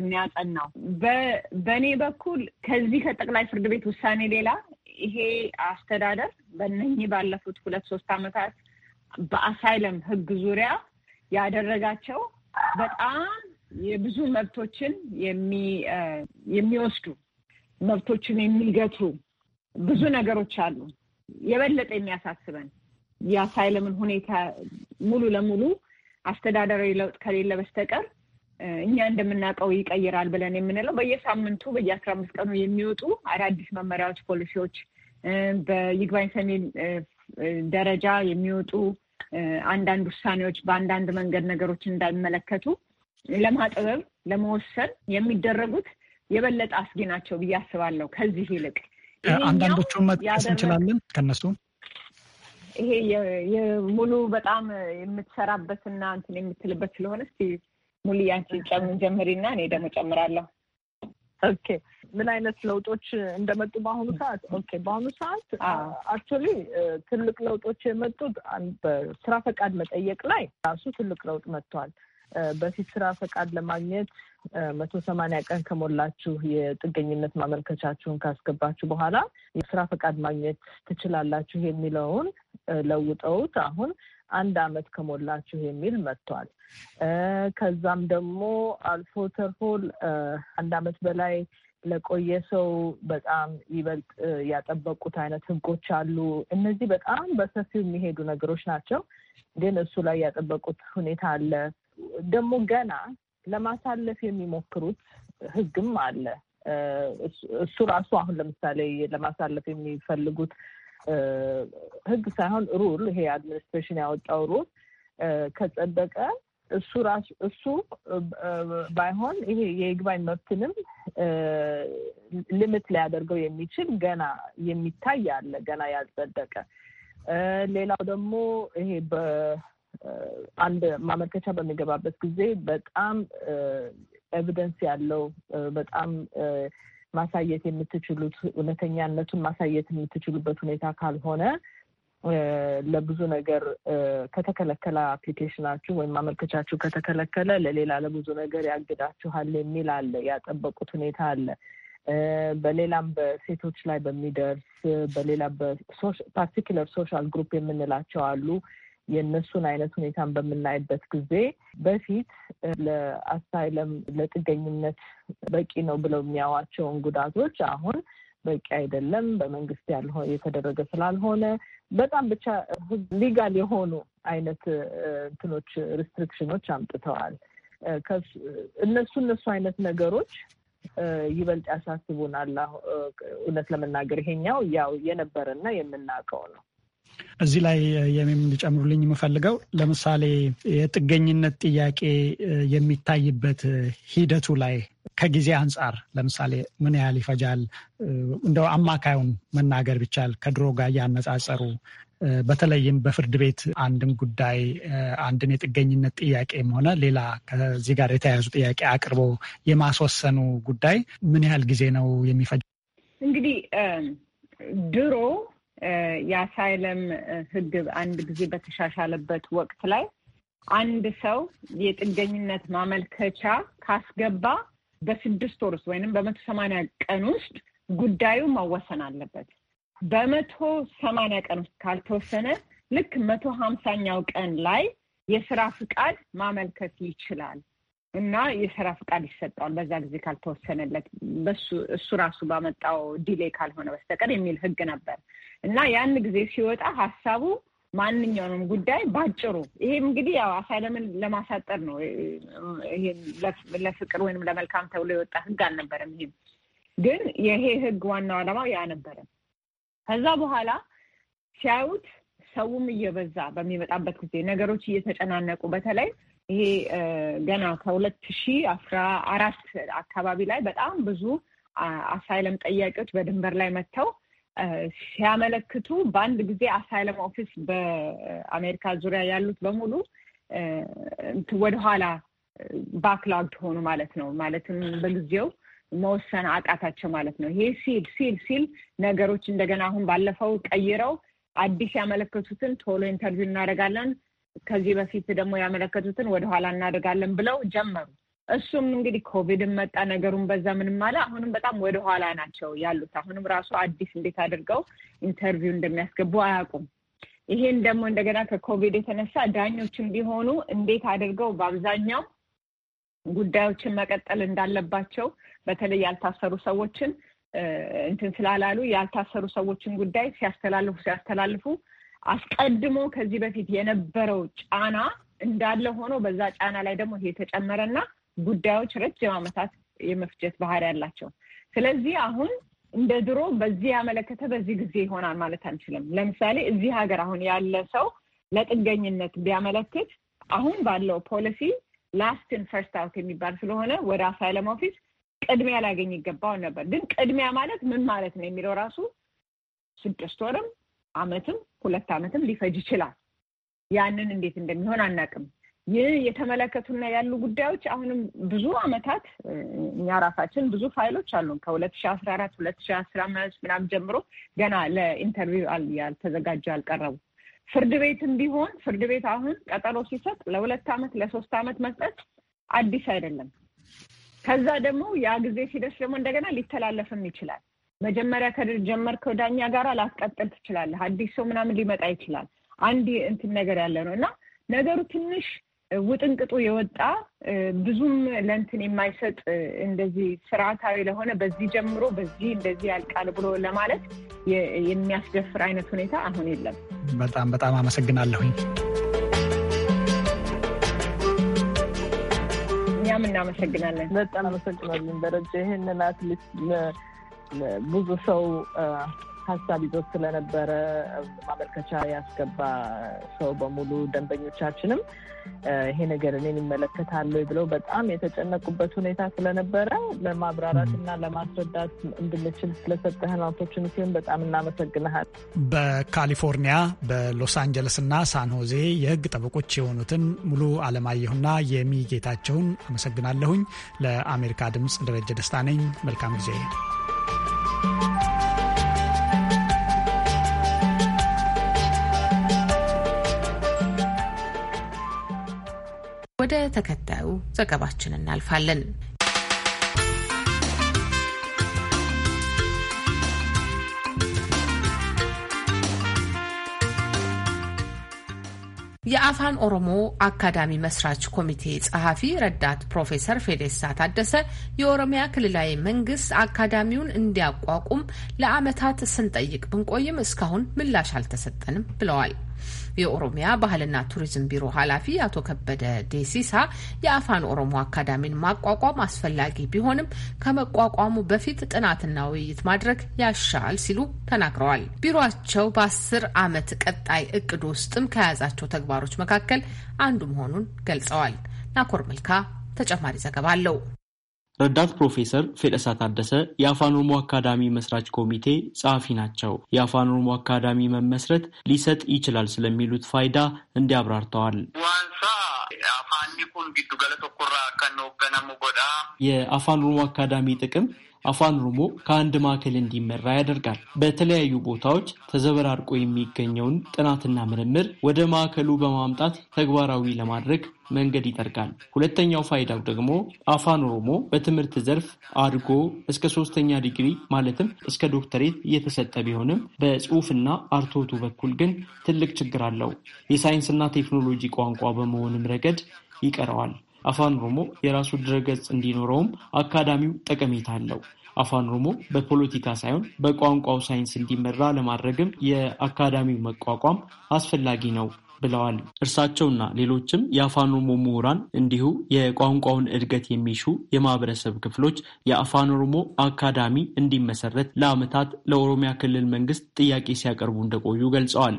ነው በእኔ በኩል ከዚህ ከጠቅላይ ፍርድ ቤት ውሳኔ ሌላ ይሄ አስተዳደር በነኚህ ባለፉት ሁለት ሶስት አመታት በአሳይለም ህግ ዙሪያ ያደረጋቸው በጣም የብዙ መብቶችን የሚወስዱ መብቶችን የሚገቱ ብዙ ነገሮች አሉ። የበለጠ የሚያሳስበን የአሳይለምን ሁኔታ ሙሉ ለሙሉ አስተዳደራዊ ለውጥ ከሌለ በስተቀር እኛ እንደምናውቀው ይቀይራል ብለን የምንለው በየሳምንቱ በየአስራ አምስት ቀኑ የሚወጡ አዳዲስ መመሪያዎች፣ ፖሊሲዎች በይግባኝ ሰሚ ደረጃ የሚወጡ አንዳንድ ውሳኔዎች በአንዳንድ መንገድ ነገሮች እንዳይመለከቱ ለማጥበብ ለመወሰን የሚደረጉት የበለጠ አስጊ ናቸው ብዬ አስባለሁ። ከዚህ ይልቅ አንዳንዶቹን መጥቀስ እንችላለን ከነሱ ይሄ ሙሉ በጣም የምትሰራበትና እንትን የምትልበት ስለሆነ እስቲ ሙሉ ያንቺ ጨምን ጀምሪና እኔ ደግሞ ጨምራለሁ። ኦኬ ምን አይነት ለውጦች እንደመጡ በአሁኑ ሰዓት? ኦኬ በአሁኑ ሰዓት አክቹዋሊ ትልቅ ለውጦች የመጡት በስራ ፈቃድ መጠየቅ ላይ ራሱ ትልቅ ለውጥ መጥቷል። በፊት ስራ ፈቃድ ለማግኘት መቶ ሰማንያ ቀን ከሞላችሁ የጥገኝነት ማመልከቻችሁን ካስገባችሁ በኋላ የስራ ፈቃድ ማግኘት ትችላላችሁ የሚለውን ለውጠውት አሁን አንድ አመት ከሞላችሁ የሚል መጥቷል። ከዛም ደግሞ አልፎ ተርፎ አንድ አመት በላይ ለቆየ ሰው በጣም ይበልጥ ያጠበቁት አይነት ህጎች አሉ። እነዚህ በጣም በሰፊው የሚሄዱ ነገሮች ናቸው። ግን እሱ ላይ ያጠበቁት ሁኔታ አለ። ደግሞ ገና ለማሳለፍ የሚሞክሩት ህግም አለ። እሱ ራሱ አሁን ለምሳሌ ለማሳለፍ የሚፈልጉት ህግ ሳይሆን ሩል ይሄ አድሚኒስትሬሽን ያወጣው ሩል ከጸደቀ እሱ ራሱ እሱ ባይሆን ይሄ የይግባኝ መብትንም ልምት ሊያደርገው የሚችል ገና የሚታይ አለ ገና ያልጸደቀ። ሌላው ደግሞ ይሄ አንድ ማመልከቻ በሚገባበት ጊዜ በጣም ኤቪደንስ ያለው በጣም ማሳየት የምትችሉት እውነተኛነቱን ማሳየት የምትችሉበት ሁኔታ ካልሆነ ለብዙ ነገር ከተከለከለ አፕሊኬሽናችሁ ወይም ማመልከቻችሁ ከተከለከለ ለሌላ ለብዙ ነገር ያግዳችኋል የሚል አለ። ያጠበቁት ሁኔታ አለ። በሌላም በሴቶች ላይ በሚደርስ በሌላ ፓርቲክለር ሶሻል ግሩፕ የምንላቸው አሉ። የእነሱን አይነት ሁኔታን በምናይበት ጊዜ በፊት ለአሳይለም ለጥገኝነት በቂ ነው ብለው የሚያዋቸውን ጉዳቶች አሁን በቂ አይደለም፣ በመንግስት ያልሆነ የተደረገ ስላልሆነ በጣም ብቻ ሊጋል የሆኑ አይነት እንትኖች ሪስትሪክሽኖች አምጥተዋል። እነሱ እነሱ አይነት ነገሮች ይበልጥ ያሳስቡናል። እውነት ለመናገር ይሄኛው ያው የነበረና የምናውቀው ነው። እዚህ ላይ የሚጨምሩልኝ የምፈልገው ለምሳሌ የጥገኝነት ጥያቄ የሚታይበት ሂደቱ ላይ ከጊዜ አንጻር ለምሳሌ ምን ያህል ይፈጃል? እንደው አማካዩን መናገር ቢቻል ከድሮ ጋር እያነጻጸሩ በተለይም በፍርድ ቤት አንድን ጉዳይ አንድን የጥገኝነት ጥያቄም ሆነ ሌላ ከዚህ ጋር የተያያዙ ጥያቄ አቅርቦ የማስወሰኑ ጉዳይ ምን ያህል ጊዜ ነው የሚፈጅ? እንግዲህ ድሮ የአሳይለም ህግ አንድ ጊዜ በተሻሻለበት ወቅት ላይ አንድ ሰው የጥገኝነት ማመልከቻ ካስገባ በስድስት ወር ውስጥ ወይም በመቶ ሰማንያ ቀን ውስጥ ጉዳዩ መወሰን አለበት። በመቶ ሰማንያ ቀን ውስጥ ካልተወሰነ ልክ መቶ ሀምሳኛው ቀን ላይ የስራ ፍቃድ ማመልከት ይችላል። እና የስራ ፍቃድ ይሰጠዋል በዛ ጊዜ ካልተወሰነለት በሱ እሱ ራሱ ባመጣው ዲሌይ ካልሆነ በስተቀር የሚል ህግ ነበር እና ያን ጊዜ ሲወጣ ሀሳቡ ማንኛውንም ጉዳይ ባጭሩ ይሄም እንግዲህ ያው አሳይለምን ለማሳጠር ነው። ይሄም ለፍቅር ወይም ለመልካም ተብሎ የወጣ ህግ አልነበረም። ይሄም ግን ይሄ ህግ ዋናው ዓላማው ያ ነበረ። ከዛ በኋላ ሲያዩት ሰውም እየበዛ በሚመጣበት ጊዜ ነገሮች እየተጨናነቁ በተለይ ይሄ ገና ከሁለት ሺ አስራ አራት አካባቢ ላይ በጣም ብዙ አሳይለም ጠያቂዎች በድንበር ላይ መጥተው ሲያመለክቱ በአንድ ጊዜ አሳይለም ኦፊስ በአሜሪካ ዙሪያ ያሉት በሙሉ ወደኋላ ባክላግድ ሆኑ ማለት ነው። ማለትም በጊዜው መወሰን አቃታቸው ማለት ነው። ይሄ ሲል ሲል ሲል ነገሮች እንደገና አሁን ባለፈው ቀይረው አዲስ ያመለከቱትን ቶሎ ኢንተርቪው እናደርጋለን ከዚህ በፊት ደግሞ ያመለከቱትን ወደኋላ እናደርጋለን ብለው ጀመሩ። እሱም እንግዲህ ኮቪድን መጣ፣ ነገሩን በዛ ምንም አለ። አሁንም በጣም ወደኋላ ናቸው ያሉት። አሁንም ራሱ አዲስ እንዴት አድርገው ኢንተርቪው እንደሚያስገቡ አያውቁም። ይሄን ደግሞ እንደገና ከኮቪድ የተነሳ ዳኞችም ቢሆኑ እንዴት አድርገው በአብዛኛው ጉዳዮችን መቀጠል እንዳለባቸው በተለይ ያልታሰሩ ሰዎችን እንትን ስላላሉ ያልታሰሩ ሰዎችን ጉዳይ ሲያስተላልፉ ሲያስተላልፉ አስቀድሞ ከዚህ በፊት የነበረው ጫና እንዳለ ሆኖ በዛ ጫና ላይ ደግሞ ይሄ የተጨመረና ጉዳዮች ረጅም ዓመታት የመፍጀት ባህሪ ያላቸው ስለዚህ አሁን እንደ ድሮ በዚህ ያመለከተ በዚህ ጊዜ ይሆናል ማለት አንችልም። ለምሳሌ እዚህ ሀገር አሁን ያለ ሰው ለጥገኝነት ቢያመለክት አሁን ባለው ፖሊሲ ላስትን ፈርስት አውት የሚባል ስለሆነ ወደ አሳይለም ኦፊስ ቅድሚያ ላገኝ ይገባው ነበር። ግን ቅድሚያ ማለት ምን ማለት ነው የሚለው ራሱ ስድስት ወርም አመትም ሁለት ዓመትም ሊፈጅ ይችላል። ያንን እንዴት እንደሚሆን አናቅም። ይህ የተመለከቱና ያሉ ጉዳዮች አሁንም ብዙ አመታት እኛ ራሳችን ብዙ ፋይሎች አሉን ከሁለት ሺ አስራ አራት ሁለት ሺ አስራ አምስት ምናምን ጀምሮ ገና ለኢንተርቪው ያልተዘጋጁ ያልቀረቡ ፍርድ ቤትም ቢሆን ፍርድ ቤት አሁን ቀጠሮ ሲሰጥ ለሁለት አመት ለሶስት አመት መስጠት አዲስ አይደለም። ከዛ ደግሞ ያ ጊዜ ሲደርስ ደግሞ እንደገና ሊተላለፍም ይችላል። መጀመሪያ ከጀመርከው ዳኛ ጋር ላስቀጥል ትችላለህ። አዲስ ሰው ምናምን ሊመጣ ይችላል። አንድ እንትን ነገር ያለ ነው እና ነገሩ ትንሽ ውጥንቅጡ የወጣ ብዙም ለእንትን የማይሰጥ እንደዚህ ስርዓታዊ ለሆነ በዚህ ጀምሮ በዚህ እንደዚህ ያልቃል ብሎ ለማለት የሚያስደፍር አይነት ሁኔታ አሁን የለም። በጣም በጣም አመሰግናለሁኝ። እኛም እናመሰግናለን። በጣም አመሰግናለን ደረጃ ይህንን አትሊስት ብዙ ሰው ሀሳብ ይዞት ስለነበረ ማመልከቻ ያስገባ ሰው በሙሉ ደንበኞቻችንም ይሄ ነገር እኔን ይመለከታል ብለው በጣም የተጨነቁበት ሁኔታ ስለነበረ ለማብራራት እና ለማስረዳት እንድንችል ስለሰጠህን ሲሆን በጣም እናመሰግንሃል። በካሊፎርኒያ በሎስ አንጀለስ እና ሳንሆዜ የህግ ጠበቆች የሆኑትን ሙሉ አለማየሁና የሚጌታቸውን አመሰግናለሁኝ። ለአሜሪካ ድምፅ ደረጀ ደስታ ነኝ። መልካም ጊዜ። ወደ ተከታዩ ዘገባችን እናልፋለን። የአፋን ኦሮሞ አካዳሚ መስራች ኮሚቴ ጸሐፊ ረዳት ፕሮፌሰር ፌዴሳ ታደሰ የኦሮሚያ ክልላዊ መንግስት አካዳሚውን እንዲያቋቁም ለአመታት ስንጠይቅ ብንቆይም እስካሁን ምላሽ አልተሰጠንም ብለዋል። የኦሮሚያ ባህልና ቱሪዝም ቢሮ ኃላፊ አቶ ከበደ ዴሲሳ የአፋን ኦሮሞ አካዳሚን ማቋቋም አስፈላጊ ቢሆንም ከመቋቋሙ በፊት ጥናትና ውይይት ማድረግ ያሻል ሲሉ ተናግረዋል። ቢሮቸው በአስር ዓመት ቀጣይ እቅድ ውስጥም ከያዛቸው ተግባሮች መካከል አንዱ መሆኑን ገልጸዋል። ናኮር መልካ ተጨማሪ ዘገባ አለው። ረዳት ፕሮፌሰር ፌደሳ ታደሰ የአፋን ኦሮሞ አካዳሚ መስራች ኮሚቴ ጸሐፊ ናቸው። የአፋን ኦሮሞ አካዳሚ መመስረት ሊሰጥ ይችላል ስለሚሉት ፋይዳ እንዲህ አብራርተዋል። የአፋን ኦሮሞ አካዳሚ ጥቅም አፋን ኦሮሞ ከአንድ ማዕከል እንዲመራ ያደርጋል። በተለያዩ ቦታዎች ተዘበራርቆ የሚገኘውን ጥናትና ምርምር ወደ ማዕከሉ በማምጣት ተግባራዊ ለማድረግ መንገድ ይጠርጋል። ሁለተኛው ፋይዳው ደግሞ አፋን ኦሮሞ በትምህርት ዘርፍ አድጎ እስከ ሶስተኛ ዲግሪ ማለትም እስከ ዶክተሬት እየተሰጠ ቢሆንም በጽሁፍና አርቶቱ በኩል ግን ትልቅ ችግር አለው። የሳይንስና ቴክኖሎጂ ቋንቋ በመሆንም ረገድ ይቀረዋል። አፋን ኦሮሞ የራሱ ድረገጽ እንዲኖረውም አካዳሚው ጠቀሜታ አለው። አፋን ኦሮሞ በፖለቲካ ሳይሆን በቋንቋው ሳይንስ እንዲመራ ለማድረግም የአካዳሚው መቋቋም አስፈላጊ ነው ብለዋል። እርሳቸውና ሌሎችም የአፋን ኦሮሞ ምሁራን እንዲሁ የቋንቋውን እድገት የሚሹ የማህበረሰብ ክፍሎች የአፋን ኦሮሞ አካዳሚ እንዲመሰረት ለዓመታት ለኦሮሚያ ክልል መንግስት ጥያቄ ሲያቀርቡ እንደቆዩ ገልጸዋል።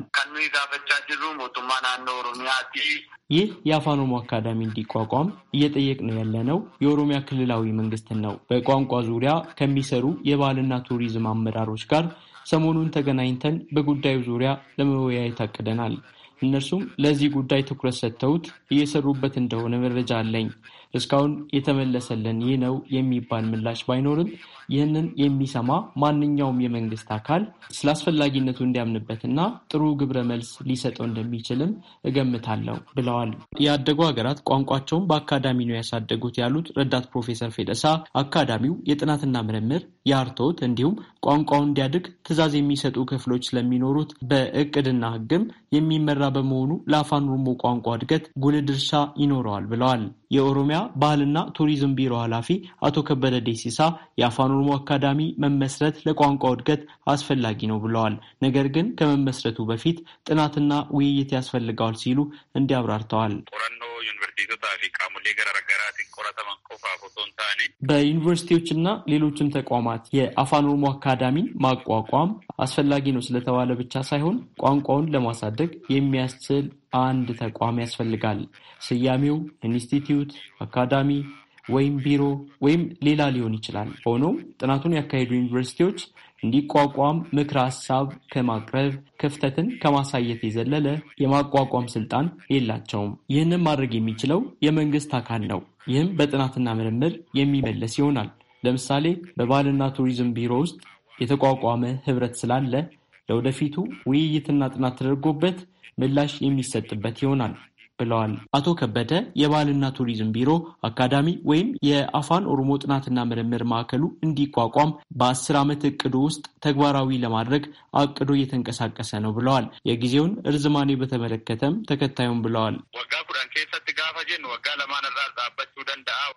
ይህ የአፋን ኦሮሞ አካዳሚ እንዲቋቋም እየጠየቅን ያለነው የኦሮሚያ ክልላዊ መንግስትን ነው። በቋንቋ ዙሪያ ከሚሰሩ የባህልና ቱሪዝም አመራሮች ጋር ሰሞኑን ተገናኝተን በጉዳዩ ዙሪያ ለመወያየት አቅደናል። እነርሱም ለዚህ ጉዳይ ትኩረት ሰጥተውት እየሰሩበት እንደሆነ መረጃ አለኝ። እስካሁን የተመለሰልን ይህ ነው የሚባል ምላሽ ባይኖርም ይህንን የሚሰማ ማንኛውም የመንግስት አካል ስለ አስፈላጊነቱ እንዲያምንበትና ጥሩ ግብረ መልስ ሊሰጠው እንደሚችልም እገምታለሁ ብለዋል። ያደጉ ሀገራት ቋንቋቸውን በአካዳሚ ነው ያሳደጉት ያሉት ረዳት ፕሮፌሰር ፌደሳ አካዳሚው የጥናትና ምርምር፣ የአርቶት እንዲሁም ቋንቋው እንዲያድግ ትዕዛዝ የሚሰጡ ክፍሎች ስለሚኖሩት በእቅድና ህግም የሚመራ በመሆኑ ለአፋን ኦሮሞ ቋንቋ እድገት ጉልህ ድርሻ ይኖረዋል ብለዋል። የኦሮሚያ ባህልና ቱሪዝም ቢሮ ኃላፊ አቶ ከበደ ዴሲሳ የአፋን ኦሮሞ አካዳሚ መመስረት ለቋንቋው እድገት አስፈላጊ ነው ብለዋል። ነገር ግን ከመመስረቱ በፊት ጥናትና ውይይት ያስፈልገዋል ሲሉ እንዲያብራርተዋል። በዩኒቨርሲቲዎችና ሌሎችም ተቋማት የአፋን ኦሮሞ አካዳሚን ማቋቋም አስፈላጊ ነው ስለተባለ ብቻ ሳይሆን ቋንቋውን ለማሳደግ የሚያስችል አንድ ተቋም ያስፈልጋል። ስያሜው ኢንስቲትዩት፣ አካዳሚ ወይም ቢሮ ወይም ሌላ ሊሆን ይችላል። ሆኖም ጥናቱን ያካሄዱ ዩኒቨርሲቲዎች እንዲቋቋም ምክረ ሀሳብ ከማቅረብ ክፍተትን ከማሳየት የዘለለ የማቋቋም ስልጣን የላቸውም። ይህንን ማድረግ የሚችለው የመንግስት አካል ነው። ይህም በጥናትና ምርምር የሚመለስ ይሆናል። ለምሳሌ በባህልና ቱሪዝም ቢሮ ውስጥ የተቋቋመ ህብረት ስላለ ለወደፊቱ ውይይትና ጥናት ተደርጎበት ምላሽ የሚሰጥበት ይሆናል። ብለዋል። አቶ ከበደ የባህልና ቱሪዝም ቢሮ አካዳሚ ወይም የአፋን ኦሮሞ ጥናትና ምርምር ማዕከሉ እንዲቋቋም በአስር ዓመት እቅዱ ውስጥ ተግባራዊ ለማድረግ አቅዶ እየተንቀሳቀሰ ነው ብለዋል። የጊዜውን እርዝማኔ በተመለከተም ተከታዩም ብለዋል።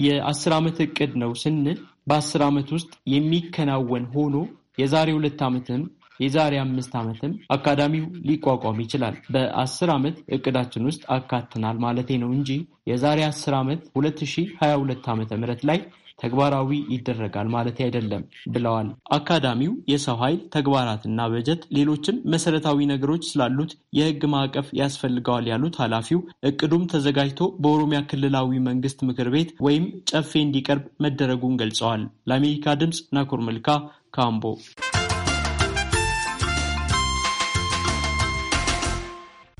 የአስር ዓመት እቅድ ነው ስንል በአስር ዓመት ውስጥ የሚከናወን ሆኖ የዛሬ ሁለት ዓመትም የዛሬ አምስት ዓመትም አካዳሚው ሊቋቋም ይችላል። በአስር ዓመት እቅዳችን ውስጥ አካትናል ማለቴ ነው እንጂ የዛሬ አስር ዓመት 2022 ዓመተ ምህረት ላይ ተግባራዊ ይደረጋል ማለት አይደለም ብለዋል። አካዳሚው የሰው ኃይል ተግባራትና በጀት፣ ሌሎችም መሰረታዊ ነገሮች ስላሉት የህግ ማዕቀፍ ያስፈልገዋል ያሉት ኃላፊው እቅዱም ተዘጋጅቶ በኦሮሚያ ክልላዊ መንግስት ምክር ቤት ወይም ጨፌ እንዲቀርብ መደረጉን ገልጸዋል። ለአሜሪካ ድምፅ ናኩር መልካ ካምቦ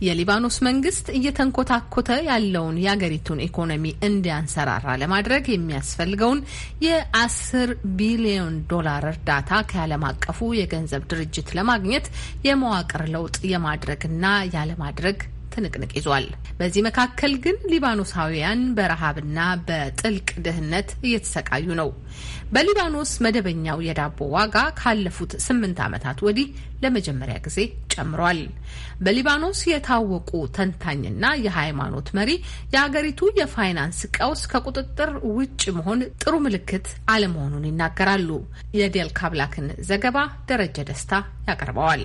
የሊባኖስ መንግስት እየተንኮታኮተ ያለውን የአገሪቱን ኢኮኖሚ እንዲያንሰራራ ለማድረግ የሚያስፈልገውን የአስር ቢሊዮን ዶላር እርዳታ ከዓለም አቀፉ የገንዘብ ድርጅት ለማግኘት የመዋቅር ለውጥ የማድረግና ያለማድረግ ትንቅንቅ ይዟል። በዚህ መካከል ግን ሊባኖሳውያን በረሃብና በጥልቅ ድህነት እየተሰቃዩ ነው። በሊባኖስ መደበኛው የዳቦ ዋጋ ካለፉት ስምንት ዓመታት ወዲህ ለመጀመሪያ ጊዜ ጨምሯል። በሊባኖስ የታወቁ ተንታኝና የሃይማኖት መሪ የሀገሪቱ የፋይናንስ ቀውስ ከቁጥጥር ውጭ መሆን ጥሩ ምልክት አለመሆኑን ይናገራሉ። የዴልካብላክን ዘገባ ደረጀ ደስታ ያቀርበዋል።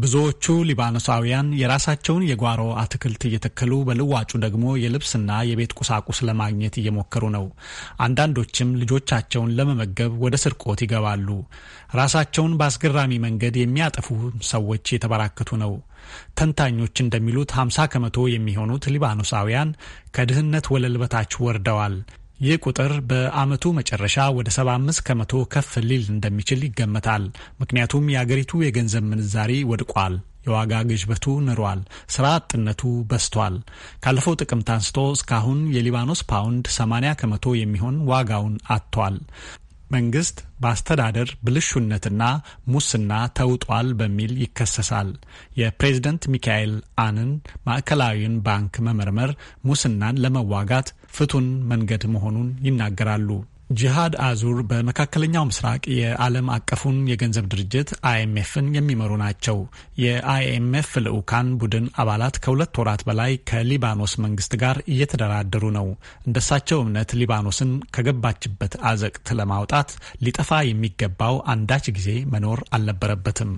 ብዙዎቹ ሊባኖሳውያን የራሳቸውን የጓሮ አትክልት እየተከሉ በልዋጩ ደግሞ የልብስና የቤት ቁሳቁስ ለማግኘት እየሞከሩ ነው። አንዳንዶችም ልጆቻቸውን ለመመገብ ወደ ስርቆት ይገባሉ። ራሳቸውን በአስገራሚ መንገድ የሚያጠፉ ሰዎች የተበራከቱ ነው። ተንታኞች እንደሚሉት 50 ከመቶ የሚሆኑት ሊባኖሳውያን ከድህነት ወለል በታች ወርደዋል። ይህ ቁጥር በአመቱ መጨረሻ ወደ 75 ከመቶ ከፍ ሊል እንደሚችል ይገመታል። ምክንያቱም የአገሪቱ የገንዘብ ምንዛሪ ወድቋል። የዋጋ ግሽበቱ ንሯል። ስራ አጥነቱ በስቷል። ካለፈው ጥቅምት አንስቶ እስካሁን የሊባኖስ ፓውንድ 80 ከመቶ የሚሆን ዋጋውን አጥቷል። መንግስት በአስተዳደር ብልሹነትና ሙስና ተውጧል በሚል ይከሰሳል። የፕሬዝደንት ሚካኤል አንን ማዕከላዊውን ባንክ መመርመር ሙስናን ለመዋጋት ፍቱን መንገድ መሆኑን ይናገራሉ። ጂሃድ አዙር በመካከለኛው ምስራቅ የዓለም አቀፉን የገንዘብ ድርጅት አይኤምኤፍን የሚመሩ ናቸው። የአይኤምኤፍ ልዑካን ቡድን አባላት ከሁለት ወራት በላይ ከሊባኖስ መንግስት ጋር እየተደራደሩ ነው። እንደሳቸው እምነት ሊባኖስን ከገባችበት አዘቅት ለማውጣት ሊጠፋ የሚገባው አንዳች ጊዜ መኖር አልነበረበትም።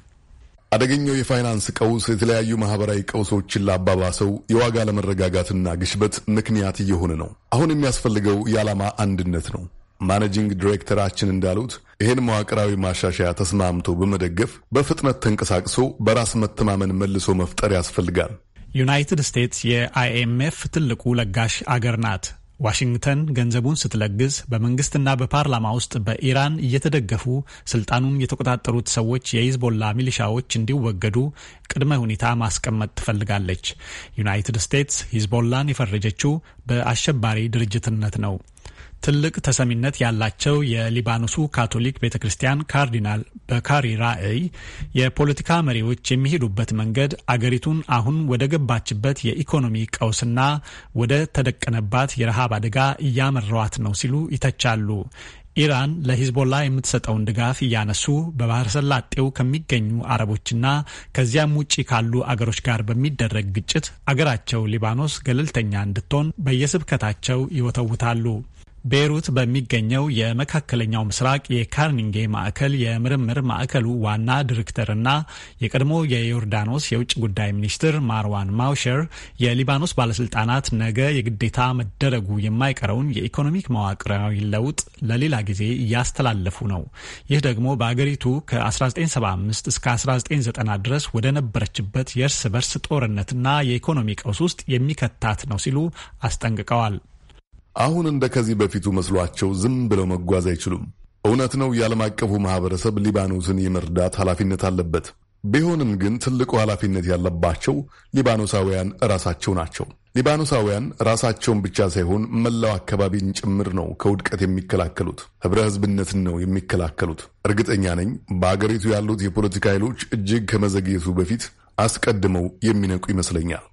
አደገኛው የፋይናንስ ቀውስ የተለያዩ ማህበራዊ ቀውሶችን ላባባሰው የዋጋ ለመረጋጋትና ግሽበት ምክንያት እየሆነ ነው። አሁን የሚያስፈልገው የዓላማ አንድነት ነው። ማኔጂንግ ዲሬክተራችን እንዳሉት ይህን መዋቅራዊ ማሻሻያ ተስማምቶ በመደገፍ በፍጥነት ተንቀሳቅሶ በራስ መተማመን መልሶ መፍጠር ያስፈልጋል። ዩናይትድ ስቴትስ የአይኤምኤፍ ትልቁ ለጋሽ አገር ናት። ዋሽንግተን ገንዘቡን ስትለግስ በመንግስትና በፓርላማ ውስጥ በኢራን እየተደገፉ ስልጣኑን የተቆጣጠሩት ሰዎች የሂዝቦላ ሚሊሻዎች እንዲወገዱ ቅድመ ሁኔታ ማስቀመጥ ትፈልጋለች። ዩናይትድ ስቴትስ ሂዝቦላን የፈረጀችው በአሸባሪ ድርጅትነት ነው። ትልቅ ተሰሚነት ያላቸው የሊባኖሱ ካቶሊክ ቤተ ክርስቲያን ካርዲናል በካሪ ራእይ የፖለቲካ መሪዎች የሚሄዱበት መንገድ አገሪቱን አሁን ወደ ገባችበት የኢኮኖሚ ቀውስና ወደ ተደቀነባት የረሃብ አደጋ እያመራዋት ነው ሲሉ ይተቻሉ። ኢራን ለሂዝቦላ የምትሰጠውን ድጋፍ እያነሱ በባህረ ሰላጤው ከሚገኙ አረቦችና ከዚያም ውጪ ካሉ አገሮች ጋር በሚደረግ ግጭት አገራቸው ሊባኖስ ገለልተኛ እንድትሆን በየስብከታቸው ይወተውታሉ። ቤይሩት በሚገኘው የመካከለኛው ምስራቅ የካርኒንጌ ማዕከል የምርምር ማዕከሉ ዋና ዲሬክተርና የቀድሞ የዮርዳኖስ የውጭ ጉዳይ ሚኒስትር ማርዋን ማውሸር የሊባኖስ ባለስልጣናት ነገ የግዴታ መደረጉ የማይቀረውን የኢኮኖሚክ መዋቅራዊ ለውጥ ለሌላ ጊዜ እያስተላለፉ ነው። ይህ ደግሞ በአገሪቱ ከ1975 እስከ 1990 ድረስ ወደ ነበረችበት የእርስ በርስ ጦርነትና የኢኮኖሚ ቀውስ ውስጥ የሚከታት ነው ሲሉ አስጠንቅቀዋል። አሁን እንደ ከዚህ በፊቱ መስሏቸው ዝም ብለው መጓዝ አይችሉም። እውነት ነው፣ የዓለም አቀፉ ማህበረሰብ ሊባኖስን የመርዳት ኃላፊነት አለበት። ቢሆንም ግን ትልቁ ኃላፊነት ያለባቸው ሊባኖሳውያን ራሳቸው ናቸው። ሊባኖሳውያን ራሳቸውን ብቻ ሳይሆን መላው አካባቢን ጭምር ነው ከውድቀት የሚከላከሉት። ኅብረ ሕዝብነትን ነው የሚከላከሉት። እርግጠኛ ነኝ በአገሪቱ ያሉት የፖለቲካ ኃይሎች እጅግ ከመዘግየቱ በፊት አስቀድመው የሚነቁ ይመስለኛል።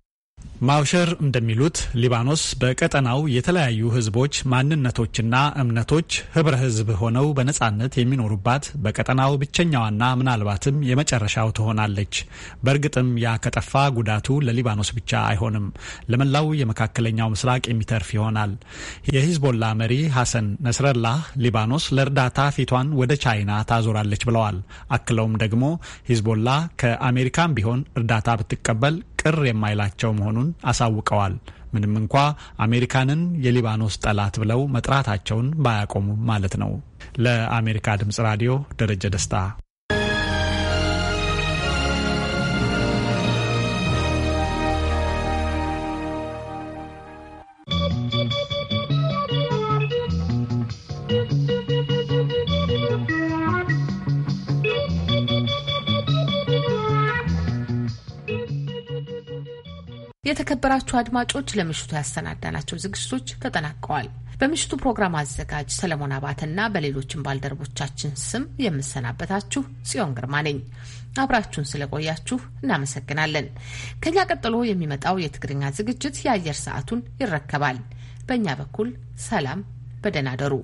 ማውሸር እንደሚሉት ሊባኖስ በቀጠናው የተለያዩ ህዝቦች ማንነቶችና እምነቶች ህብረ ህዝብ ሆነው በነጻነት የሚኖሩባት በቀጠናው ብቸኛዋና ምናልባትም የመጨረሻው ትሆናለች። በእርግጥም ያ ከጠፋ ጉዳቱ ለሊባኖስ ብቻ አይሆንም፣ ለመላው የመካከለኛው ምስራቅ የሚተርፍ ይሆናል። የሂዝቦላ መሪ ሐሰን ነስረላህ ሊባኖስ ለእርዳታ ፊቷን ወደ ቻይና ታዞራለች ብለዋል። አክለውም ደግሞ ሂዝቦላ ከአሜሪካም ቢሆን እርዳታ ብትቀበል ቅር የማይላቸው መሆኑን አሳውቀዋል። ምንም እንኳ አሜሪካንን የሊባኖስ ጠላት ብለው መጥራታቸውን ባያቆሙም ማለት ነው። ለአሜሪካ ድምጽ ራዲዮ ደረጀ ደስታ የተከበራችሁ አድማጮች ለምሽቱ ያሰናዳናቸው ዝግጅቶች ተጠናቀዋል። በምሽቱ ፕሮግራም አዘጋጅ ሰለሞን አባተና በሌሎችም ባልደረቦቻችን ስም የምሰናበታችሁ ጽዮን ግርማ ነኝ። አብራችሁን ስለቆያችሁ እናመሰግናለን። ከኛ ቀጥሎ የሚመጣው የትግርኛ ዝግጅት የአየር ሰዓቱን ይረከባል። በእኛ በኩል ሰላም፣ በደህና ደሩ።